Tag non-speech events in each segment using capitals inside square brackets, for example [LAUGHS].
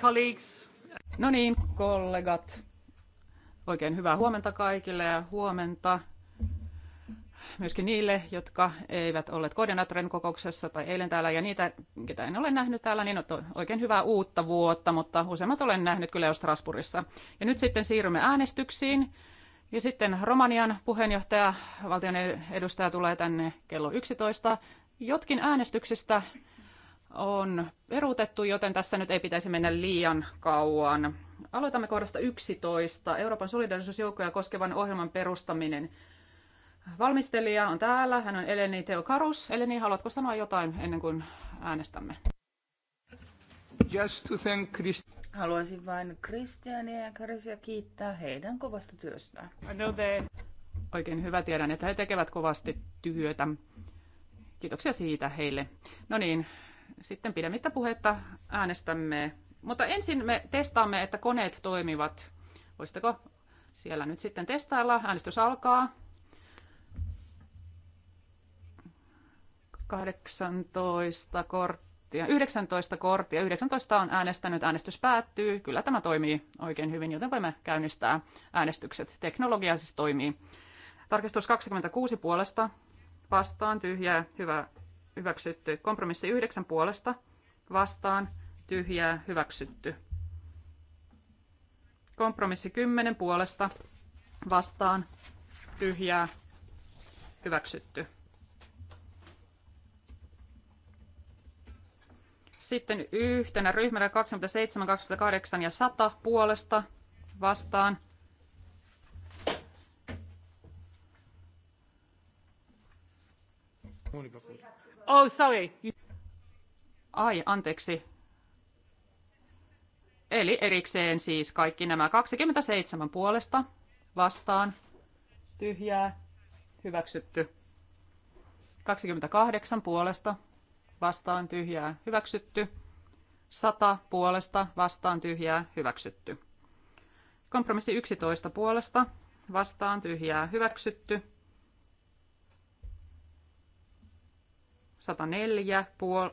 colleagues. No niin, kollegat. Oikein hyvää huomenta kaikille ja huomenta myöskin niille, jotka eivät olleet koordinaattorin kokouksessa tai eilen täällä ja niitä, ketä en ole nähnyt täällä, niin on oikein hyvää uutta vuotta, mutta useimmat olen nähnyt kyllä jo Strasbourgissa. Ja nyt sitten siirrymme äänestyksiin. Ja sitten Romanian puheenjohtaja, valtion edustaja tulee tänne kello 11. Jotkin äänestyksistä on peruutettu, joten tässä nyt ei pitäisi mennä liian kauan. Aloitamme kohdasta 11. Euroopan solidarisuusjoukkoja koskevan ohjelman perustaminen. Valmistelija on täällä, hän on Eleni Teo Karus. Eleni, haluatko sanoa jotain ennen kuin äänestämme? Just to thank Christ- Haluaisin vain Kristiania ja Karisia kiittää heidän kovasta työstään. know they... Oikein hyvä, tiedän, että he tekevät kovasti työtä. Kiitoksia siitä heille. No niin, sitten pidemmittä puhetta äänestämme. Mutta ensin me testaamme, että koneet toimivat. Voisitteko siellä nyt sitten testailla? Äänestys alkaa. 18 korttia, 19 korttia, 19 on äänestänyt, äänestys päättyy. Kyllä tämä toimii oikein hyvin, joten voimme käynnistää äänestykset. Teknologia siis toimii. Tarkistus 26 puolesta, vastaan tyhjää, hyvä hyväksytty. Kompromissi yhdeksän puolesta vastaan tyhjää hyväksytty. Kompromissi kymmenen puolesta vastaan tyhjää hyväksytty. Sitten yhtenä ryhmänä 27, 28 ja 100 puolesta vastaan Monika Oh, sorry. Ai, anteeksi. Eli erikseen siis kaikki nämä 27 puolesta vastaan. Tyhjää. Hyväksytty. 28 puolesta vastaan tyhjää. Hyväksytty. 100 puolesta vastaan tyhjää. Hyväksytty. Kompromissi 11 puolesta vastaan tyhjää. Hyväksytty. 104, puol...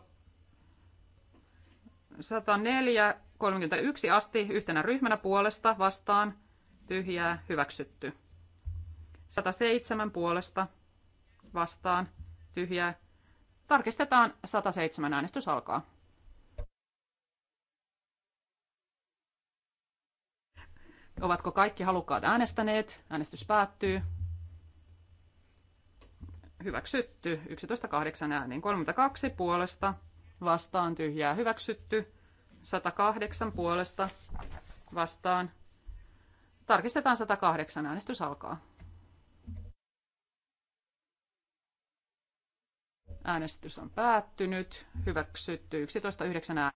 104, 31 asti yhtenä ryhmänä puolesta vastaan tyhjää hyväksytty. 107 puolesta vastaan tyhjää. Tarkistetaan 107 äänestys alkaa. Ovatko kaikki halukkaat äänestäneet? Äänestys päättyy hyväksytty 11.8 ääniin. 32 puolesta vastaan tyhjää hyväksytty. 108 puolesta vastaan. Tarkistetaan 108. Äänestys alkaa. Äänestys on päättynyt. Hyväksytty 11.9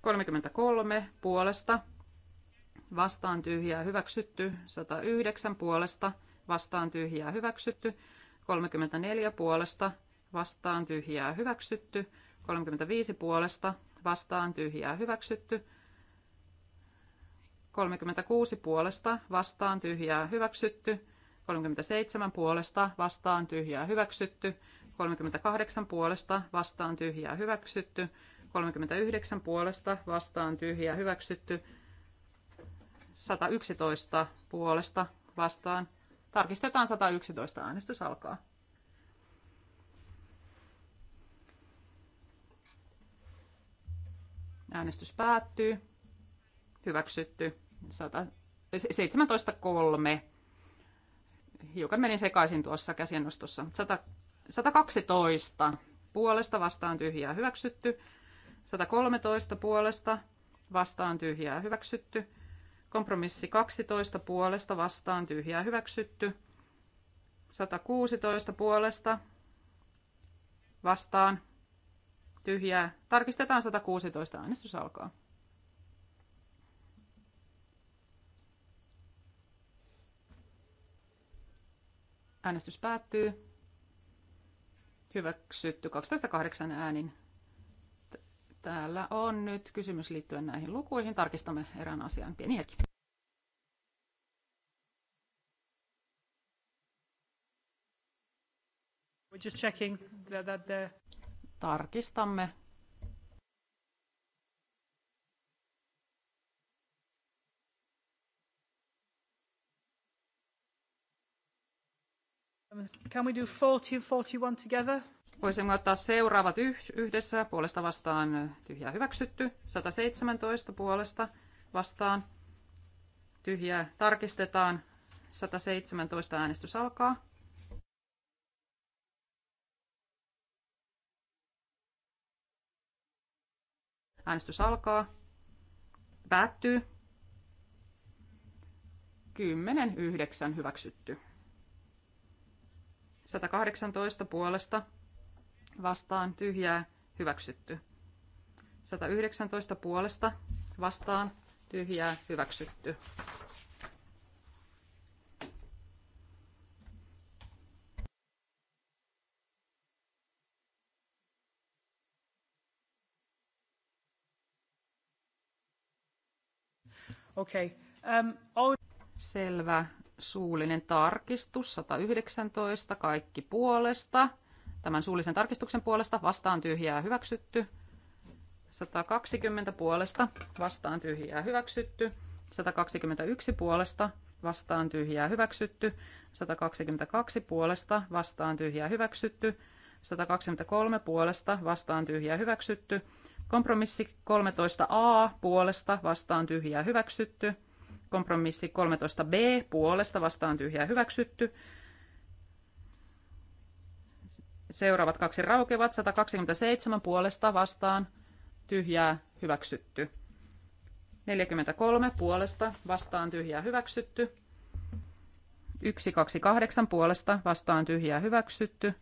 Kolmekymmentä kolme puolesta vastaan tyhjää hyväksytty, 109 puolesta vastaan tyhjää hyväksytty, 34 puolesta vastaan tyhjää hyväksytty, 35 puolesta vastaan tyhjää hyväksytty, 36 puolesta vastaan tyhjää hyväksytty, 37 puolesta vastaan tyhjää hyväksytty, 38 puolesta vastaan tyhjää hyväksytty, 39 puolesta vastaan tyhjää hyväksytty, 111 puolesta vastaan. Tarkistetaan 111. Äänestys alkaa. Äänestys päättyy. Hyväksytty. 17.3. Hiukan menin sekaisin tuossa käsiennostossa. 112 puolesta vastaan tyhjää hyväksytty. 113 puolesta vastaan tyhjää hyväksytty. Kompromissi 12 puolesta vastaan tyhjää hyväksytty. 116 puolesta vastaan tyhjää. Tarkistetaan 116. Äänestys alkaa. Äänestys päättyy. Hyväksytty 28 äänin. Täällä on nyt kysymys liittyen näihin lukuihin. Tarkistamme erään asian. Pieni hetki. We're just checking that the... Tarkistamme. Can we do 40 and 41 together? Voisimme ottaa seuraavat yhdessä. Puolesta vastaan tyhjää hyväksytty. 117 puolesta vastaan tyhjää tarkistetaan. 117 äänestys alkaa. Äänestys alkaa. Päättyy. 10.9. hyväksytty. 118 puolesta vastaan tyhjää hyväksytty. 119 puolesta vastaan tyhjää hyväksytty. Okay. Um, ähm, all... Selvä. Suullinen tarkistus 119. Kaikki puolesta Tämän suullisen tarkistuksen puolesta vastaan tyhjää hyväksytty. 120 puolesta vastaan tyhjää hyväksytty. 121 puolesta vastaan tyhjää hyväksytty. 122 puolesta vastaan tyhjää hyväksytty. 123 puolesta vastaan tyhjää hyväksytty. Kompromissi 13a puolesta vastaan tyhjää hyväksytty. Kompromissi 13b puolesta vastaan tyhjää hyväksytty. Seuraavat kaksi raukevat. 127 puolesta vastaan tyhjää hyväksytty. 43 puolesta vastaan tyhjää hyväksytty. 128 puolesta vastaan tyhjää hyväksytty.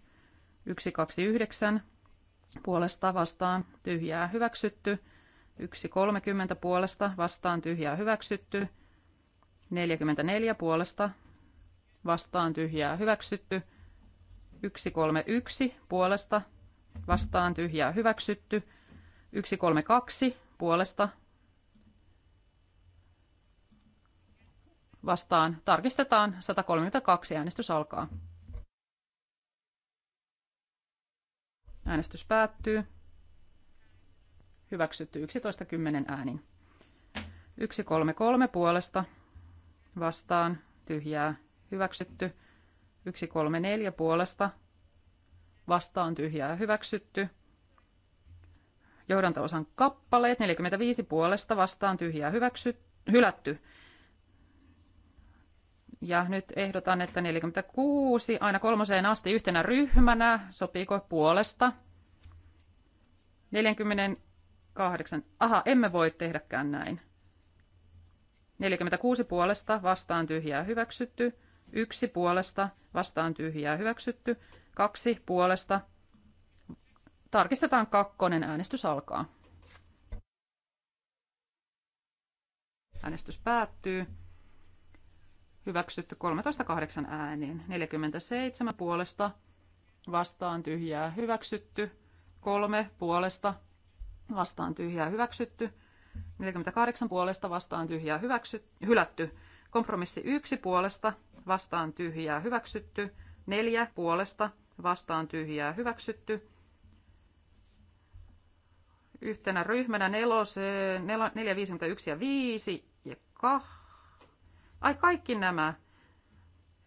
129 puolesta vastaan tyhjää hyväksytty. 130 puolesta vastaan tyhjää hyväksytty. 44 puolesta vastaan tyhjää hyväksytty. 131 puolesta vastaan tyhjää hyväksytty. 132 puolesta vastaan tarkistetaan 132 äänestys alkaa. Äänestys päättyy. Hyväksytty 10 äänin. 133 puolesta vastaan tyhjää hyväksytty yksi kolme neljä puolesta vastaan tyhjää hyväksytty. Johdantaosan kappaleet 45 puolesta vastaan tyhjää hyväksy, hylätty. Ja nyt ehdotan, että 46 aina kolmoseen asti yhtenä ryhmänä, sopiiko puolesta? 48, aha, emme voi tehdäkään näin. 46 puolesta vastaan tyhjää hyväksytty. Yksi puolesta vastaan tyhjää hyväksytty. Kaksi puolesta. Tarkistetaan kakkonen. Äänestys alkaa. Äänestys päättyy. Hyväksytty 13.8 ääniin. 47 puolesta vastaan tyhjää hyväksytty. Kolme puolesta vastaan tyhjää hyväksytty. 48 puolesta vastaan tyhjää hyväksy, hylätty. Kompromissi yksi puolesta vastaan tyhjää hyväksytty. Neljä puolesta vastaan tyhjää hyväksytty. Yhtenä ryhmänä nelos, nel, 4, 51 ja 5 ja 2. Ai kaikki nämä.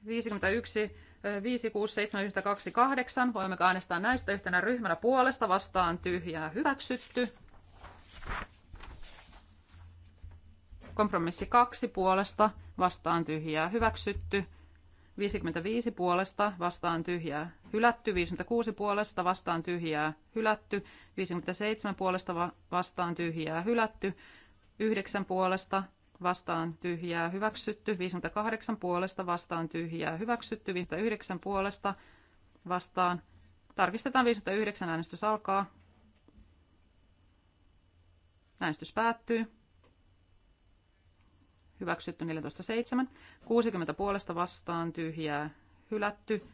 51, 5, 6, 7, 1, 2, 8. Voimme äänestää näistä yhtenä ryhmänä puolesta vastaan tyhjää hyväksytty. Kompromissi kaksi puolesta vastaan tyhjää hyväksytty. 55 puolesta vastaan tyhjää hylätty, 56 puolesta vastaan tyhjää hylätty, 57 puolesta vastaan tyhjää hylätty, 9 puolesta vastaan tyhjää hyväksytty, 58 puolesta vastaan tyhjää hyväksytty, 59 puolesta vastaan. Tarkistetaan 59 äänestys alkaa. Äänestys päättyy hyväksytty 14.7. 60 puolesta vastaan tyhjää, hylätty.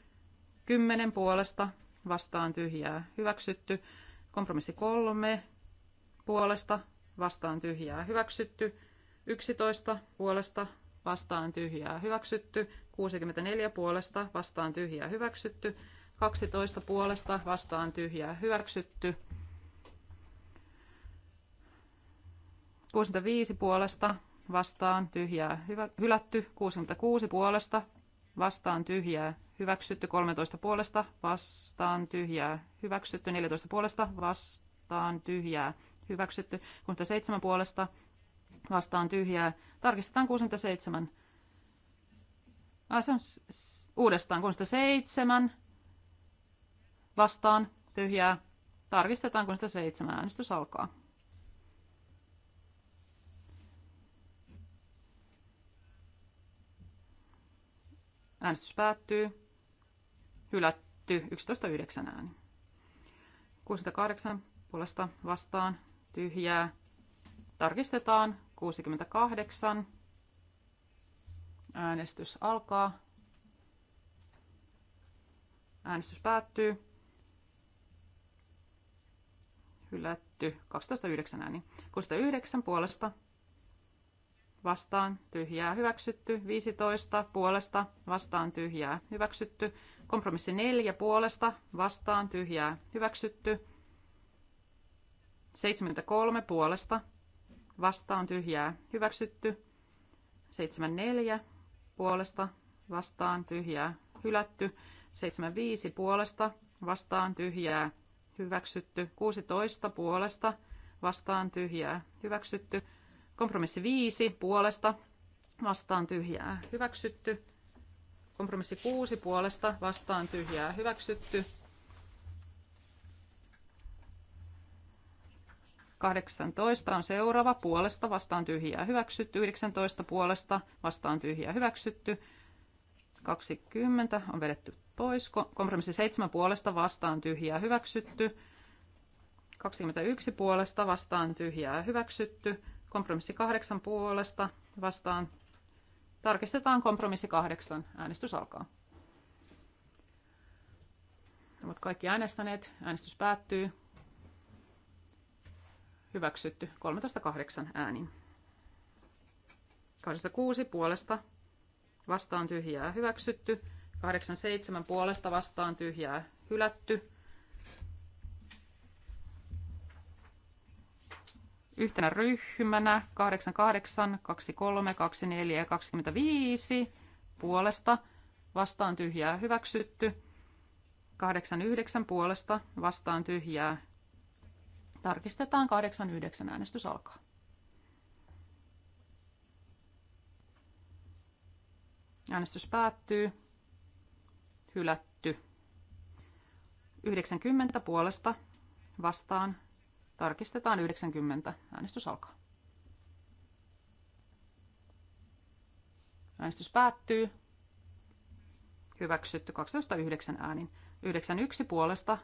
10 puolesta vastaan tyhjää, hyväksytty. Kompromissi 3 puolesta vastaan tyhjää, hyväksytty. 11 puolesta vastaan tyhjää, hyväksytty. 64 puolesta vastaan tyhjää, hyväksytty. 12 puolesta vastaan tyhjää, hyväksytty. 65 puolesta vastaan tyhjää hyvä, hylätty, 66 puolesta vastaan tyhjää hyväksytty, 13 puolesta vastaan tyhjää hyväksytty, 14 puolesta vastaan tyhjää hyväksytty, 67 puolesta vastaan tyhjää. Tarkistetaan 67. Ah, se on uudestaan 67 vastaan tyhjää. Tarkistetaan 67. Äänestys alkaa. Äänestys päättyy. Hylätty 11.9 ääni. 68 puolesta vastaan tyhjää. Tarkistetaan 68. Äänestys alkaa. Äänestys päättyy. Hylätty 12.9 ääni. 69 puolesta vastaan tyhjää hyväksytty, 15 puolesta vastaan tyhjää hyväksytty, kompromissi 4 puolesta vastaan tyhjää hyväksytty, 73 puolesta vastaan tyhjää hyväksytty, 74 puolesta vastaan tyhjää hylätty, 75 puolesta vastaan tyhjää hyväksytty, 16 puolesta vastaan tyhjää hyväksytty, Kompromissi 5 puolesta vastaan tyhjää hyväksytty. Kompromissi 6 puolesta vastaan tyhjää hyväksytty. 18 on seuraava puolesta vastaan tyhjää hyväksytty. 19 puolesta vastaan tyhjää hyväksytty. 20 on vedetty pois. Kompromissi 7 puolesta vastaan tyhjää hyväksytty. 21 puolesta vastaan tyhjää hyväksytty. Kompromissi kahdeksan puolesta vastaan. Tarkistetaan kompromissi kahdeksan. Äänestys alkaa. Ovat kaikki äänestäneet. Äänestys päättyy. Hyväksytty 13.8 äänin. 26 puolesta vastaan tyhjää hyväksytty. 87 puolesta vastaan tyhjää hylätty. yhtenä ryhmänä 88, 23, 24 ja 25 puolesta vastaan tyhjää hyväksytty. 89 puolesta vastaan tyhjää. Tarkistetaan 89 äänestys alkaa. Äänestys päättyy. Hylätty. 90 puolesta vastaan Tarkistetaan 90. Äänestys alkaa. Äänestys päättyy. Hyväksytty 12.9 äänin. 91 puolesta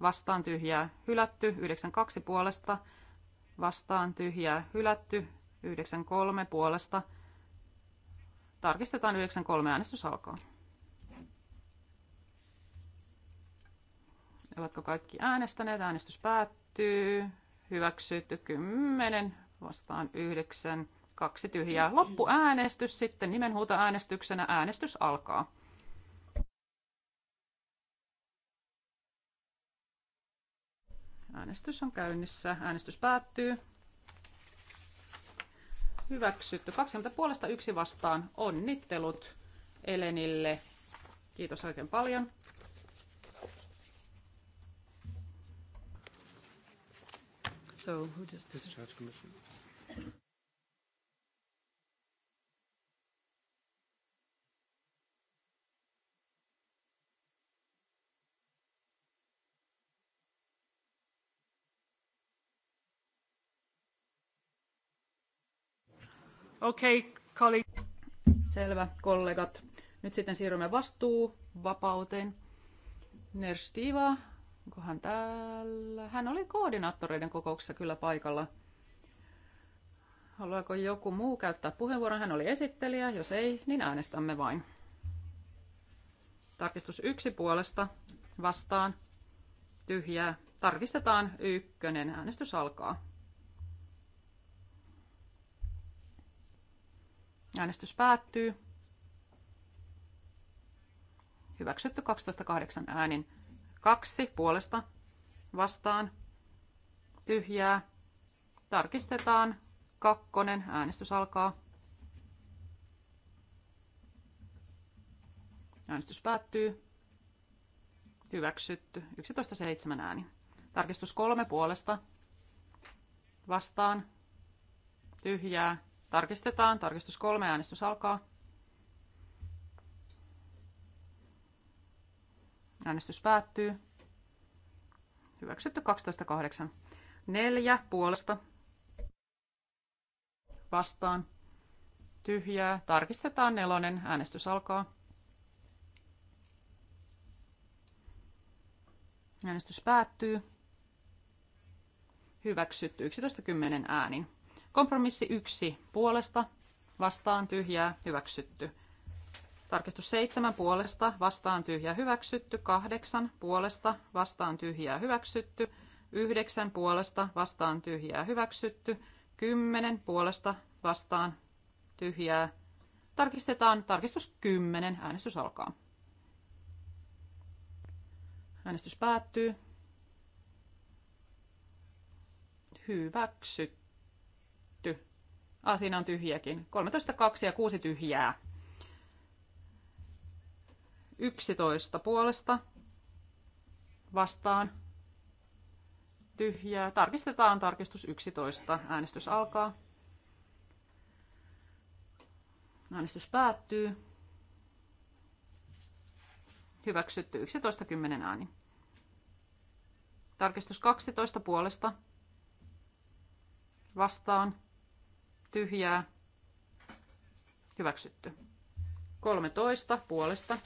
vastaan tyhjää hylätty. 92 puolesta vastaan tyhjää hylätty. 93 puolesta. Tarkistetaan 93. Äänestys alkaa. Ovatko kaikki äänestäneet? Äänestys päättyy päättyy. Hyväksytty 10 vastaan 9, kaksi tyhjää. Loppuäänestys sitten nimenhuuta äänestyksenä. Äänestys alkaa. Äänestys on käynnissä. Äänestys päättyy. Hyväksytty. 20 puolesta yksi vastaan. Onnittelut Elenille. Kiitos oikein paljon. So who does discharge commission? Okay, colleague. Selvä, kollegat. Nyt sitten siirrymme vastuu vapauteen. Nerstiva, Onkohan täällä? Hän oli koordinaattoreiden kokouksessa kyllä paikalla. Haluaako joku muu käyttää puheenvuoron? Hän oli esittelijä. Jos ei, niin äänestämme vain. Tarkistus yksi puolesta vastaan. Tyhjää. Tarkistetaan ykkönen. Äänestys alkaa. Äänestys päättyy. Hyväksytty 12.8 äänin. Kaksi puolesta vastaan tyhjää. Tarkistetaan. Kakkonen. Äänestys alkaa. Äänestys päättyy. Hyväksytty. 11.7 ääni. Tarkistus kolme puolesta. Vastaan. Tyhjää. Tarkistetaan. Tarkistus kolme. Äänestys alkaa. Äänestys päättyy. Hyväksytty 12.8. 4 puolesta. Vastaan. Tyhjää. Tarkistetaan nelonen. Äänestys alkaa. Äänestys päättyy. Hyväksytty 11.10 äänin. Kompromissi 1 puolesta. Vastaan tyhjää. Hyväksytty. Tarkistus 7 puolesta vastaan tyhjä hyväksytty. 8 puolesta vastaan tyhjää hyväksytty. 9 puolesta vastaan tyhjää hyväksytty. 10 puolesta vastaan tyhjää. Tarkistetaan tarkistus 10. Äänestys alkaa. Äänestys päättyy. Hyväksytty. Ah, siinä on tyhjäkin. 13, 2 ja 6 tyhjää. 11 puolesta vastaan tyhjää. Tarkistetaan tarkistus 11. Äänestys alkaa. Äänestys päättyy. Hyväksytty 11.10 ääni. Tarkistus 12 puolesta. Vastaan. Tyhjää. Hyväksytty. 13 puolesta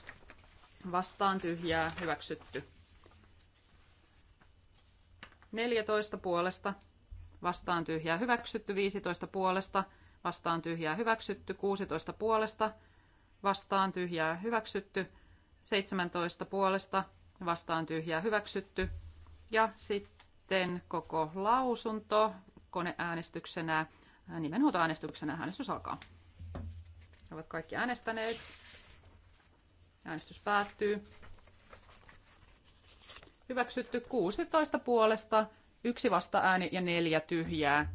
vastaan tyhjää hyväksytty. 14 puolesta vastaan tyhjää hyväksytty, 15 puolesta vastaan tyhjää hyväksytty, 16 puolesta vastaan tyhjää hyväksytty, 17 puolesta vastaan tyhjää hyväksytty ja sitten koko lausunto koneäänestyksenä, nimenhuutoäänestyksenä äänestys alkaa. Ovat kaikki äänestäneet. Äänestys päättyy. Hyväksytty 16 puolesta, yksi vasta-ääni ja neljä tyhjää.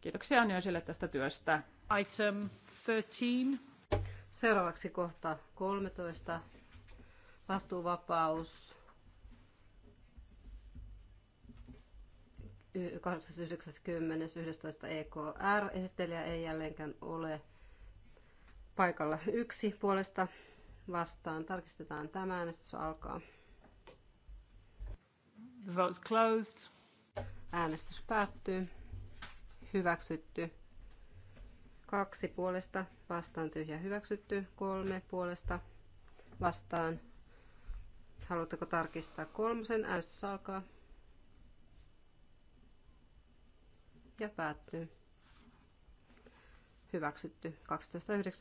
Kiitoksia Anjoisille tästä työstä. Item 13. Seuraavaksi kohta 13. Vastuuvapaus. 8.9.10.11. EKR. Esittelijä ei jälleenkään ole paikalla yksi puolesta vastaan. Tarkistetaan tämä äänestys alkaa. The vote closed. Äänestys päättyy. Hyväksytty. Kaksi puolesta vastaan tyhjä hyväksytty. Kolme puolesta vastaan. Haluatteko tarkistaa kolmosen? Äänestys alkaa. Ja päättyy hyväksytty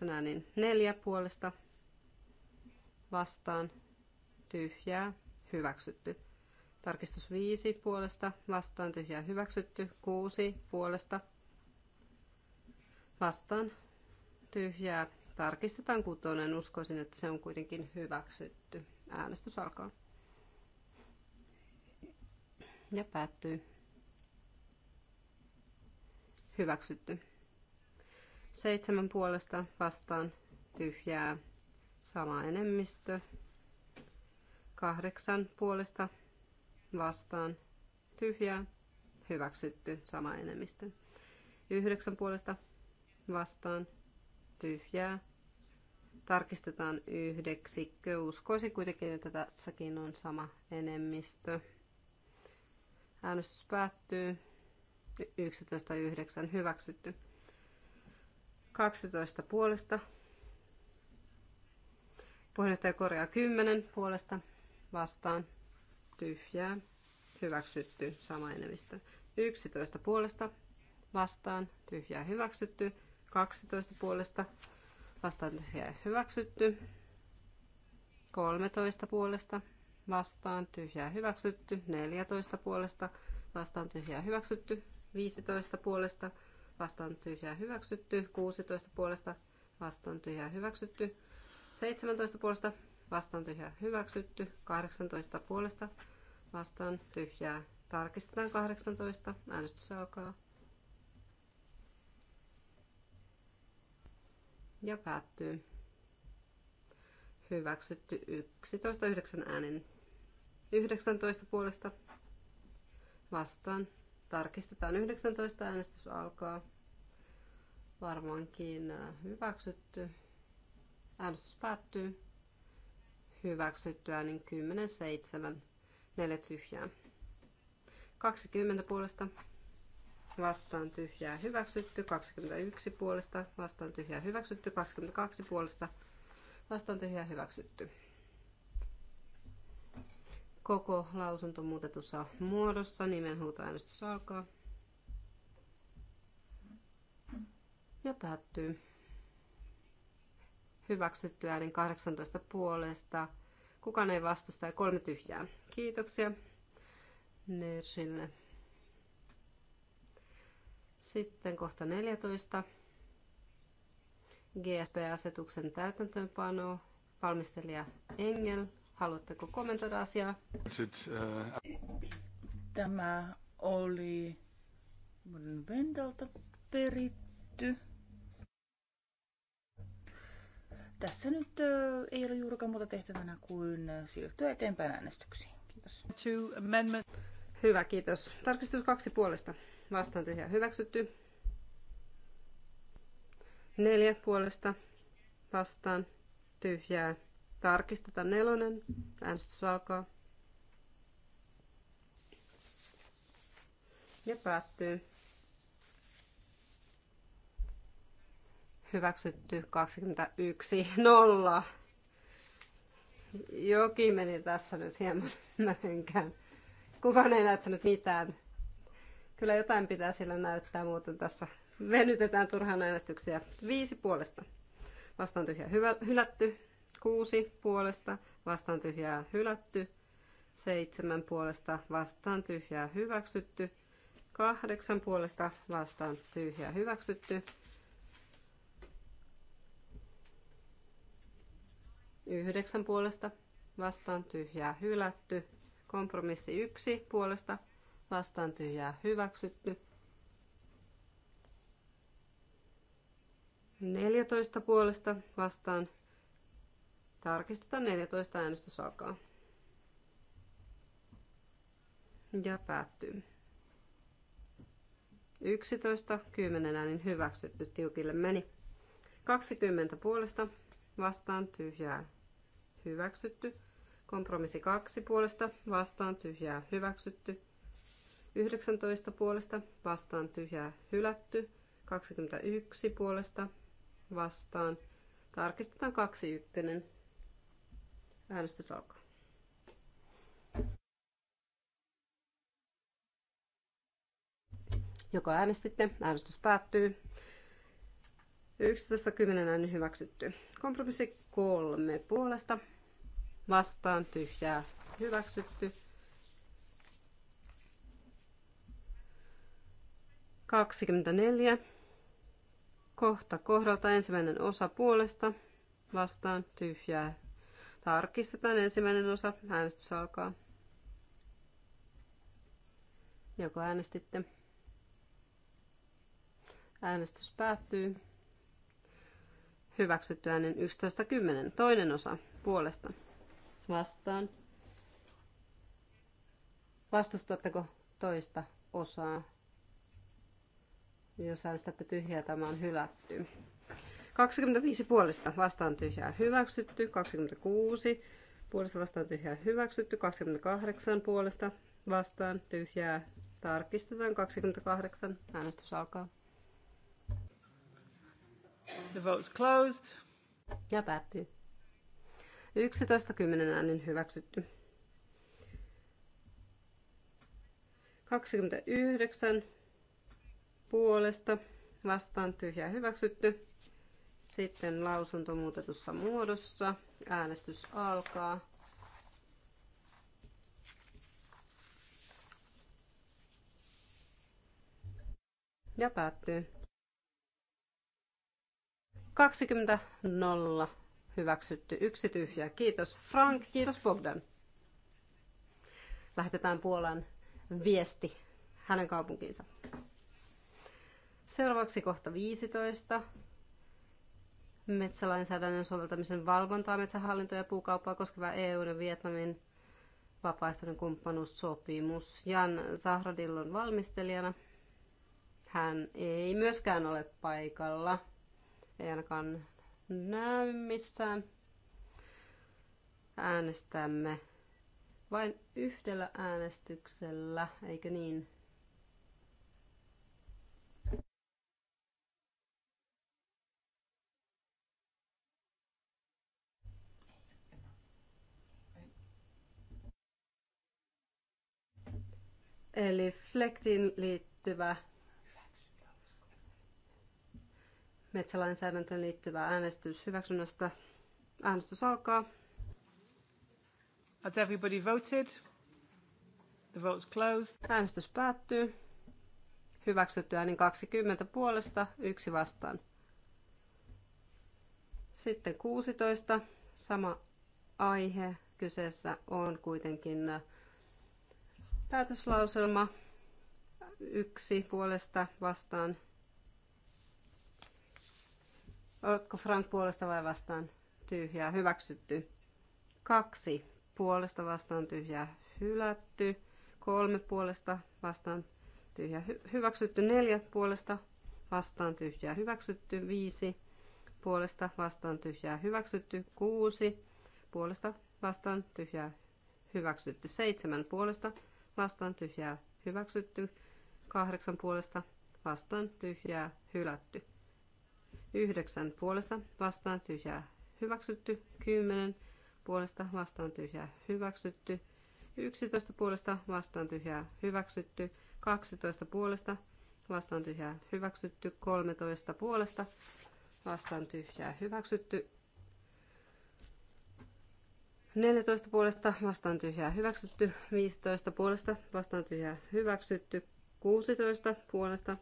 12.9 äänin 4 puolesta vastaan tyhjää hyväksytty. Tarkistus 5 puolesta vastaan tyhjää hyväksytty. 6 puolesta vastaan tyhjää. Tarkistetaan kutonen. Uskoisin, että se on kuitenkin hyväksytty. Äänestys alkaa. Ja päättyy. Hyväksytty. Seitsemän puolesta vastaan tyhjää sama enemmistö. Kahdeksan puolesta vastaan tyhjää hyväksytty sama enemmistö. Yhdeksän puolesta vastaan tyhjää. Tarkistetaan yhdeksikkö. Uskoisin kuitenkin, että tässäkin on sama enemmistö. Äänestys päättyy. 11.9. hyväksytty. 12 puolesta. Puheenjohtaja korjaa 10 puolesta vastaan. Tyhjää. Hyväksytty. Sama enemmistö. 11 puolesta vastaan. Tyhjää hyväksytty. 12 puolesta vastaan. Tyhjää hyväksytty. 13 puolesta vastaan. Tyhjää hyväksytty. 14 puolesta vastaan. Tyhjää hyväksytty. 15 puolesta vastaan vastaan tyhjää hyväksytty, 16 puolesta vastaan tyhjää hyväksytty, 17 puolesta vastaan tyhjää hyväksytty, 18 puolesta vastaan tyhjää. Tarkistetaan 18, äänestys alkaa. Ja päättyy. Hyväksytty 11, 9 äänen. 19 puolesta vastaan Tarkistetaan 19, äänestys alkaa. Varmaankin äh, hyväksytty. Äänestys päättyy. Hyväksytty äänin 10, 7, 4 tyhjää. 20 puolesta vastaan tyhjää hyväksytty, 21 puolesta vastaan tyhjää hyväksytty, 22 puolesta vastaan tyhjää hyväksytty koko lausunto muutetussa muodossa. Nimenhuutoäänestys alkaa. Ja päättyy. Hyväksytty äänin 18 puolesta. Kukaan ei vastusta ja kolme tyhjää. Kiitoksia Nersille. Sitten kohta 14. GSP-asetuksen täytäntöönpano. Valmistelija Engel Haluatteko kommentoida asiaa? Äh, Tämä oli Vendalta peritty. Tässä nyt äh, ei ole juurikaan muuta tehtävänä kuin siirtyä eteenpäin äänestyksiin. Kiitos. Hyvä, kiitos. Tarkistus kaksi puolesta. Vastaan tyhjä hyväksytty. Neljä puolesta. Vastaan tyhjää Tarkistetaan nelonen. Äänestys alkaa. Ja päättyy. Hyväksytty 21 nolla. Jokin meni tässä nyt hieman näinkään. [LAUGHS] Kukaan ei näyttänyt mitään. Kyllä jotain pitää sillä näyttää, muuten tässä venytetään turhaan äänestyksiä. Viisi puolesta. Vastaan tyhjä hyvä, hylätty. 6 puolesta vastaan tyhjää hylätty. 7 puolesta vastaan tyhjää hyväksytty. 8 puolesta vastaan tyhjää hyväksytty. 9 puolesta vastaan tyhjää hylätty. Kompromissi 1 puolesta vastaan tyhjää hyväksytty. 14 puolesta vastaan Tarkistetaan 14 äänestys alkaa. Ja päättyy. 11, 10 äänin hyväksytty tiukille meni. 20 puolesta vastaan tyhjää hyväksytty. Kompromissi 2 puolesta vastaan tyhjää hyväksytty. 19 puolesta vastaan tyhjää hylätty. 21 puolesta vastaan. Tarkistetaan 21. Äänestys alkaa. Joko äänestitte, äänestys päättyy. 11.10 ääni hyväksytty. Kompromissi kolme puolesta. Vastaan tyhjää hyväksytty. 24. Kohta kohdalta ensimmäinen osa puolesta. Vastaan tyhjää Tarkistetaan ensimmäinen osa. Äänestys alkaa. Joko äänestitte? Äänestys päättyy. Hyväksytty äänen 11.10. Toinen osa puolesta. Vastaan. Vastustatteko toista osaa? Jos äänestätte tyhjää, tämä on hylätty. 25 puolesta vastaan tyhjää hyväksytty, 26 puolesta vastaan tyhjää hyväksytty, 28 puolesta vastaan tyhjää tarkistetaan, 28 äänestys alkaa. The vote's closed. Ja päättyy. 11.10 äänen hyväksytty. 29 puolesta vastaan tyhjää hyväksytty. Sitten lausunto muutetussa muodossa. Äänestys alkaa. Ja päättyy. 20.0 hyväksytty. Yksi tyhjä. Kiitos Frank, kiitos Bogdan. Lähetetään Puolan viesti hänen kaupunkiinsa. Seuraavaksi kohta 15 metsälainsäädännön soveltamisen valvontaa, metsähallintoa ja puukauppaa koskeva EU ja Vietnamin vapaaehtoinen kumppanuussopimus. Jan Zahradil on valmistelijana. Hän ei myöskään ole paikalla, ei ainakaan näy missään. Äänestämme vain yhdellä äänestyksellä, eikö niin? Eli Flektiin liittyvä metsälainsäädäntöön liittyvä äänestys hyväksynnästä. Äänestys alkaa. Has everybody voted? The vote's closed. Äänestys päättyy. Hyväksytty äänin 20 puolesta, yksi vastaan. Sitten 16. Sama aihe. Kyseessä on kuitenkin Päätöslauselma yksi puolesta vastaan. Oletko Frank puolesta vai vastaan? Tyhjää, hyväksytty. Kaksi puolesta vastaan tyhjää, hylätty. Kolme puolesta vastaan tyhjää, hy- hyväksytty. Neljä puolesta vastaan tyhjää, hyväksytty. Viisi puolesta vastaan tyhjää, hyväksytty. Kuusi puolesta vastaan tyhjää, hyväksytty. Seitsemän puolesta vastaan tyhjää hyväksytty. Kahdeksan puolesta vastaan tyhjää hylätty. Yhdeksän puolesta vastaan tyhjää hyväksytty. Kymmenen puolesta vastaan tyhjää hyväksytty. yksitoista puolesta vastaan tyhjää hyväksytty. Kaksitoista puolesta vastaan tyhjää hyväksytty. Kolmetoista puolesta vastaan tyhjää hyväksytty. 14 puolesta vastaan tyhjää hyväksytty, 15 puolesta vastaan tyhjää hyväksytty, 16 puolesta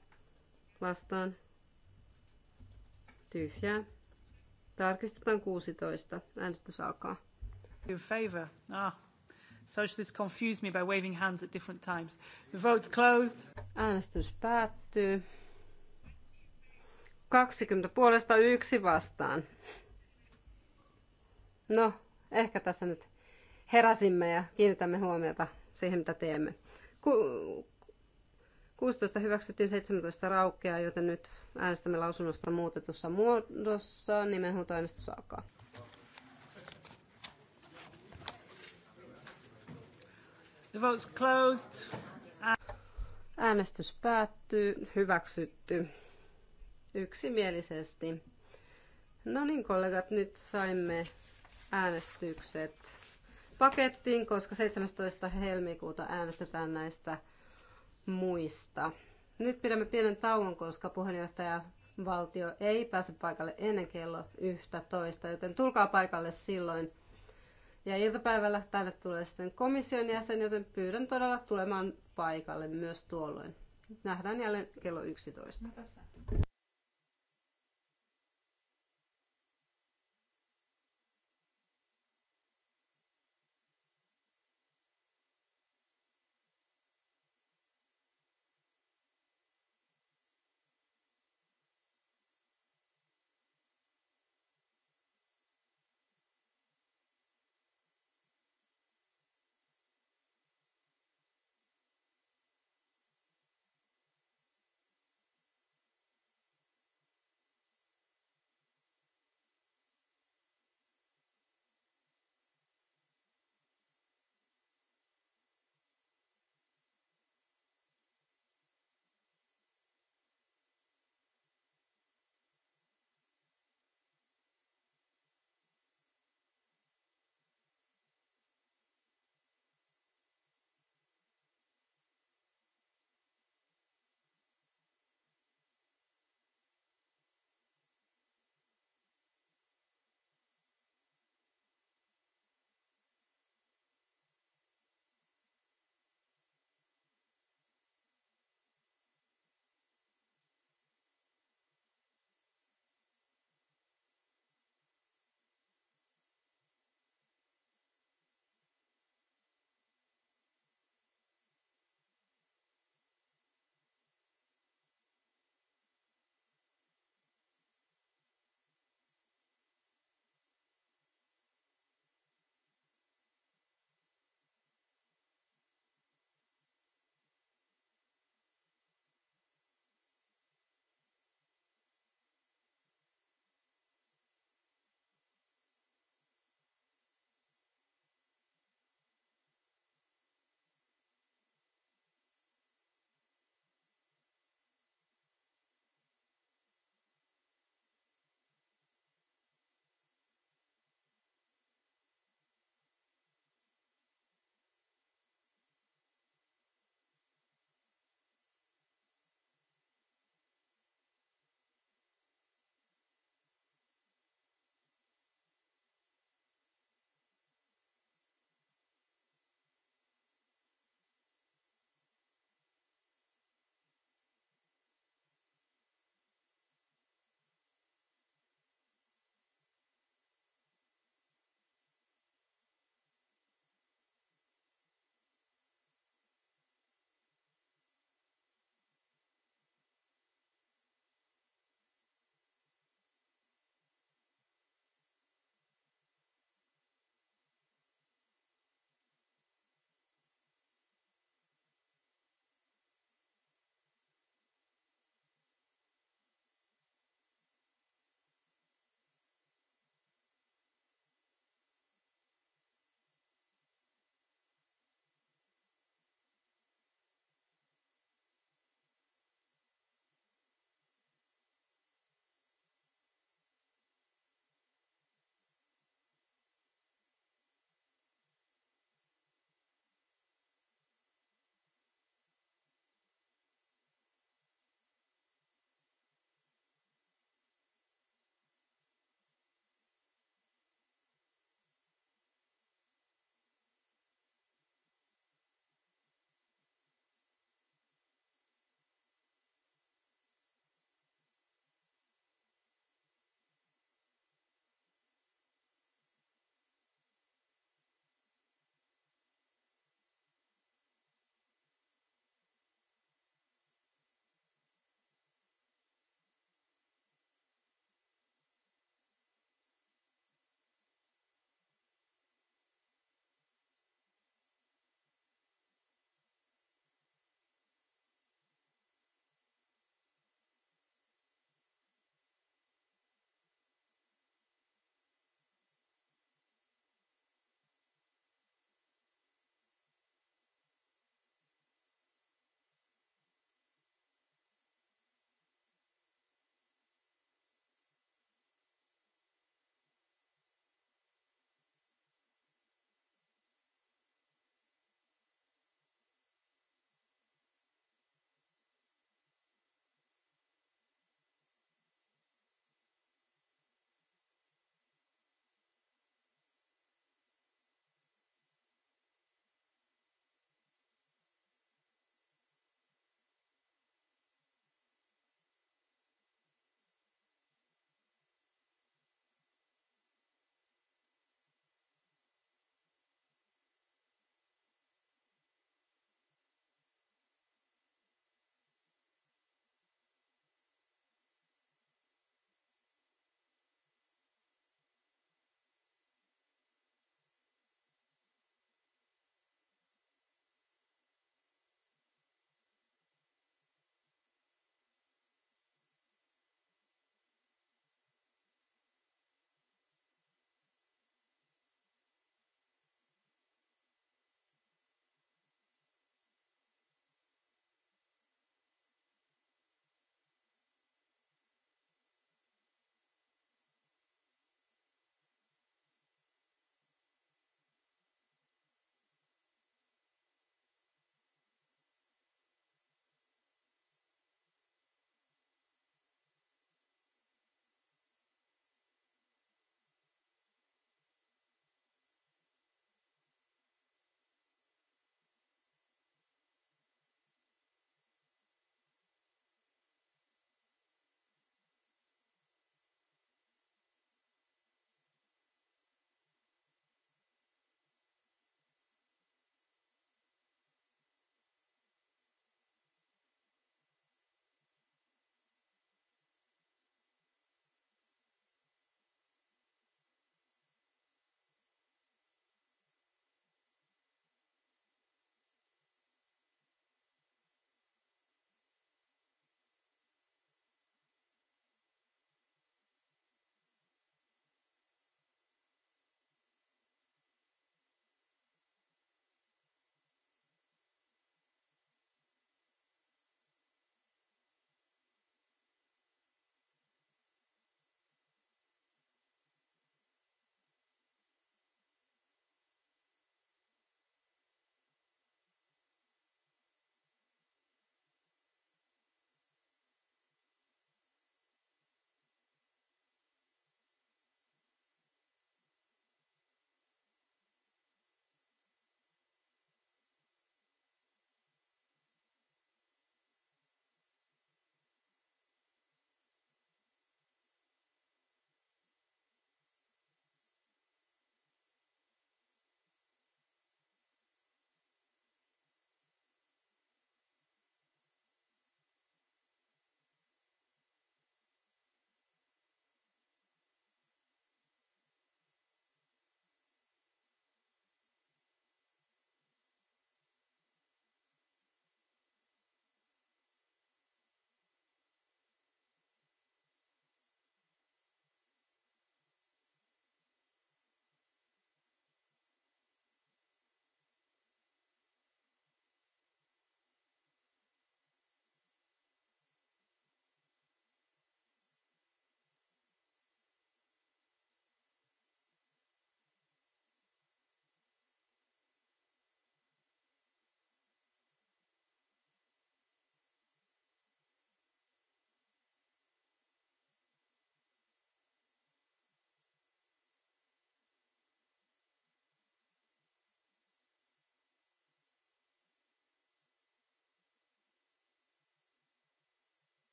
vastaan tyhjää. Tarkistetaan 16. Äänestys alkaa. In favor. Ah. Socialists confuse me by waving hands at different times. The vote's closed. Äänestys päättyy. 20 puolesta yksi vastaan. No, Ehkä tässä nyt heräsimme ja kiinnitämme huomiota siihen, mitä teemme. Ku- 16 hyväksyttiin 17 raukkea, joten nyt äänestämme lausunnosta muutetussa muodossa. Nimenhuutoäänestys alkaa. The vote's closed. Äänestys päättyy. Hyväksytty. Yksimielisesti. No niin, kollegat, nyt saimme äänestykset pakettiin, koska 17. helmikuuta äänestetään näistä muista. Nyt pidämme pienen tauon, koska puheenjohtaja valtio ei pääse paikalle ennen kello 11, joten tulkaa paikalle silloin. Ja iltapäivällä tänne tulee sitten komission jäsen, joten pyydän todella tulemaan paikalle myös tuolloin. Nähdään jälleen kello 11.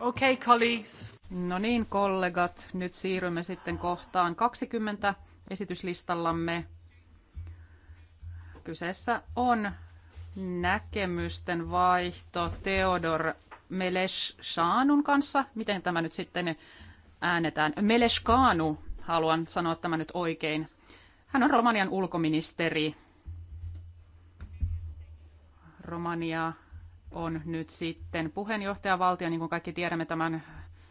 Okay, colleagues. No niin, kollegat, nyt siirrymme sitten kohtaan 20 esityslistallamme. Kyseessä on näkemysten vaihto Theodor Meleshkaanun kanssa. Miten tämä nyt sitten äänetään? Meleshkanu, haluan sanoa tämä nyt oikein. Hän on Romanian ulkoministeri. Romania on nyt sitten puheenjohtajavaltio, niin kuin kaikki tiedämme tämän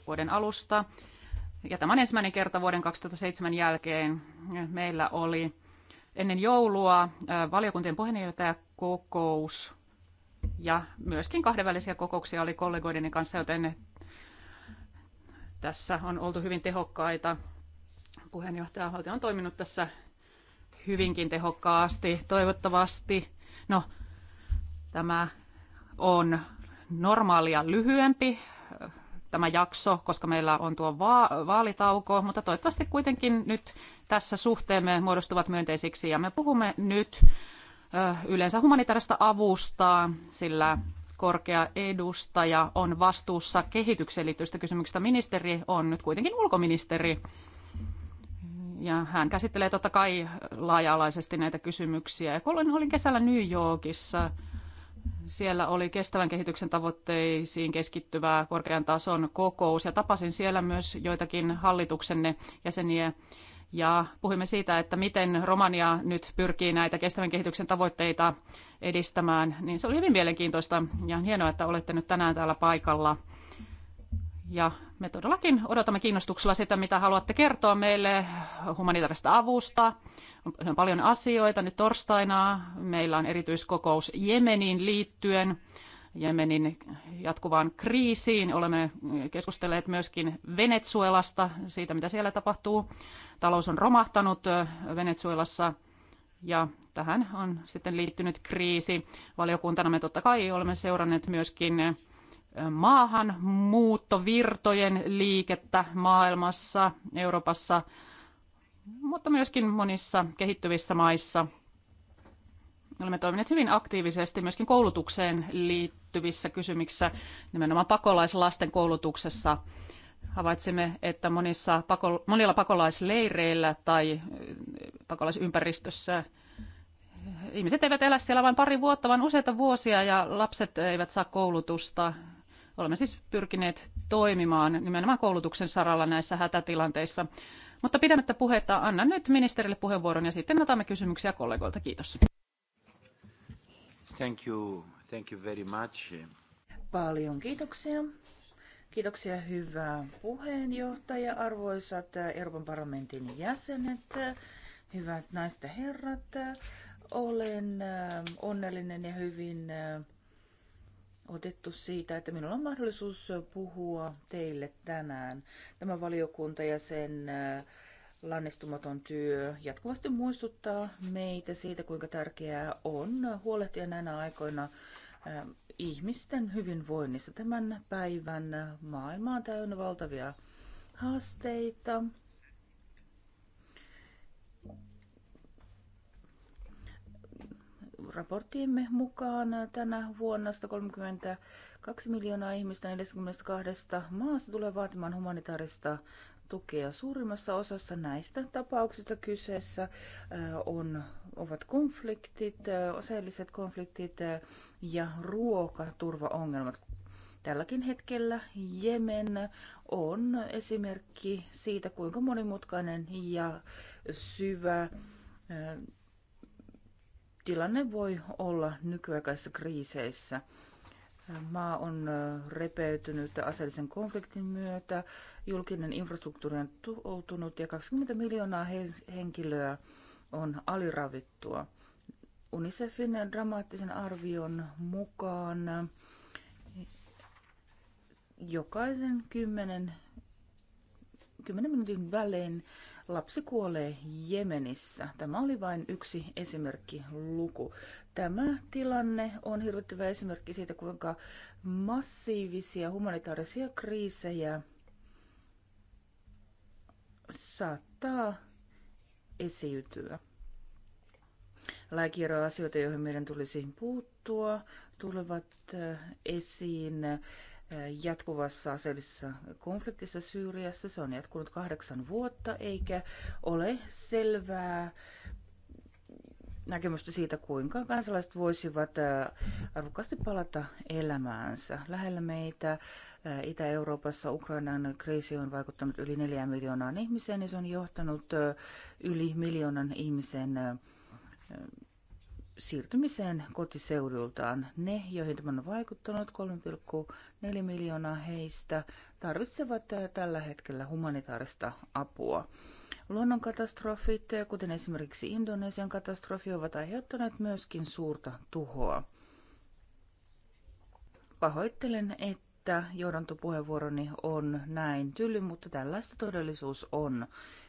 vuoden alusta. Ja tämä on ensimmäinen kerta vuoden 2007 jälkeen. Meillä oli ennen joulua valiokuntien puheenjohtajakokous ja myöskin kahdenvälisiä kokouksia oli kollegoideni kanssa, joten tässä on oltu hyvin tehokkaita. Puheenjohtajavaltio on toiminut tässä hyvinkin tehokkaasti, toivottavasti. No, tämä on normaalia lyhyempi äh, tämä jakso, koska meillä on tuo vaalitauko, mutta toivottavasti kuitenkin nyt tässä suhteemme muodostuvat myönteisiksi ja me puhumme nyt äh, yleensä humanitaarista avusta, sillä korkea edustaja on vastuussa kehitykseen liittyvistä kysymyksistä. Ministeri on nyt kuitenkin ulkoministeri ja hän käsittelee totta kai laaja-alaisesti näitä kysymyksiä. Ja kun olin kesällä New Yorkissa, siellä oli kestävän kehityksen tavoitteisiin keskittyvää korkean tason kokous ja tapasin siellä myös joitakin hallituksenne jäseniä ja puhuimme siitä, että miten Romania nyt pyrkii näitä kestävän kehityksen tavoitteita edistämään, niin se oli hyvin mielenkiintoista ja hienoa, että olette nyt tänään täällä paikalla. Ja me todellakin odotamme kiinnostuksella sitä, mitä haluatte kertoa meille humanitaarista avusta. On paljon asioita. Nyt torstaina meillä on erityiskokous Jemeniin liittyen. Jemenin jatkuvaan kriisiin. Olemme keskustelleet myöskin Venezuelasta, siitä mitä siellä tapahtuu. Talous on romahtanut Venezuelassa ja tähän on sitten liittynyt kriisi. Valiokuntana me totta kai olemme seuranneet myöskin maahan liikettä maailmassa, Euroopassa, mutta myöskin monissa kehittyvissä maissa. Olemme toimineet hyvin aktiivisesti myöskin koulutukseen liittyvissä kysymyksissä, nimenomaan pakolaislasten koulutuksessa. Havaitsimme, että monissa pako, monilla pakolaisleireillä tai pakolaisympäristössä ihmiset eivät elä siellä vain pari vuotta, vaan useita vuosia ja lapset eivät saa koulutusta. Olemme siis pyrkineet toimimaan nimenomaan koulutuksen saralla näissä hätätilanteissa. Mutta pidämättä puhetta annan nyt ministerille puheenvuoron ja sitten otamme kysymyksiä kollegoilta. Kiitos. Thank you. Thank you very much. Paljon kiitoksia. Kiitoksia hyvä puheenjohtaja, arvoisat Euroopan parlamentin jäsenet, hyvät naiset ja herrat. Olen äh, onnellinen ja hyvin äh, otettu siitä, että minulla on mahdollisuus puhua teille tänään. Tämä valiokunta ja sen äh, lannistumaton työ jatkuvasti muistuttaa meitä siitä, kuinka tärkeää on huolehtia näinä aikoina äh, ihmisten hyvinvoinnissa. Tämän päivän maailma on täynnä valtavia haasteita. raporttiimme mukaan tänä vuonna 132 miljoonaa ihmistä 42 maasta tulee vaatimaan humanitaarista tukea. Suurimmassa osassa näistä tapauksista kyseessä äh, on, ovat konfliktit, äh, aseelliset konfliktit äh, ja ruokaturvaongelmat. Tälläkin hetkellä Jemen on esimerkki siitä, kuinka monimutkainen ja syvä tilanne voi olla nykyaikaisissa kriiseissä. Maa on repeytynyt aseellisen konfliktin myötä, julkinen infrastruktuuri on tuoutunut ja 20 miljoonaa henkilöä on aliravittua. UNICEFin dramaattisen arvion mukaan jokaisen 10, 10 minuutin välein lapsi kuolee Jemenissä. Tämä oli vain yksi esimerkki luku. Tämä tilanne on hirvittävä esimerkki siitä, kuinka massiivisia humanitaarisia kriisejä saattaa esiytyä. asioita, joihin meidän tulisi puuttua, tulevat äh, esiin jatkuvassa aseellisessa konfliktissa Syyriassa. Se on jatkunut kahdeksan vuotta, eikä ole selvää näkemystä siitä, kuinka kansalaiset voisivat arvokkaasti palata elämäänsä. Lähellä meitä Itä-Euroopassa Ukrainan kriisi on vaikuttanut yli neljään miljoonaan ihmiseen ja niin se on johtanut yli miljoonan ihmisen siirtymiseen kotiseudultaan. Ne, joihin tämä on vaikuttanut, 3,4 miljoonaa heistä, tarvitsevat eh, tällä hetkellä humanitaarista apua. Luonnonkatastrofit, eh, kuten esimerkiksi Indonesian katastrofi, ovat aiheuttaneet myöskin suurta tuhoa. Pahoittelen, että johdantopuheenvuoroni on näin tyly, mutta tällaista todellisuus on.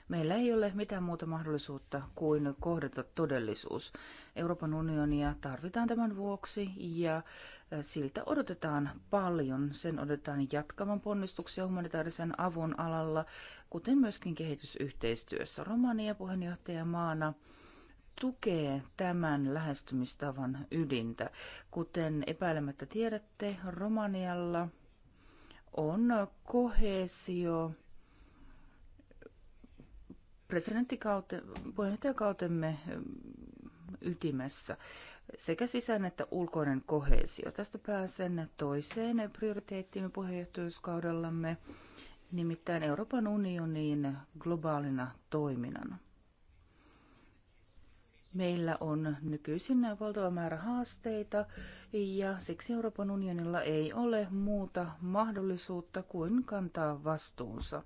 Meillä ei ole mitään muuta mahdollisuutta kuin kohdata todellisuus. Euroopan unionia tarvitaan tämän vuoksi ja siltä odotetaan paljon. Sen odotetaan jatkavan ponnistuksia humanitaarisen avun alalla, kuten myöskin kehitysyhteistyössä. Romania puheenjohtajamaana tukee tämän lähestymistavan ydintä. Kuten epäilemättä tiedätte, Romanialla on kohesio puheenjohtajakautemme mm, ytimessä sekä sisäinen että ulkoinen kohesio. Tästä pääsen toiseen prioriteettiimme puheenjohtajuuskaudellamme, nimittäin Euroopan unionin globaalina toiminnana. Meillä on nykyisin valtava määrä haasteita ja siksi Euroopan unionilla ei ole muuta mahdollisuutta kuin kantaa vastuunsa.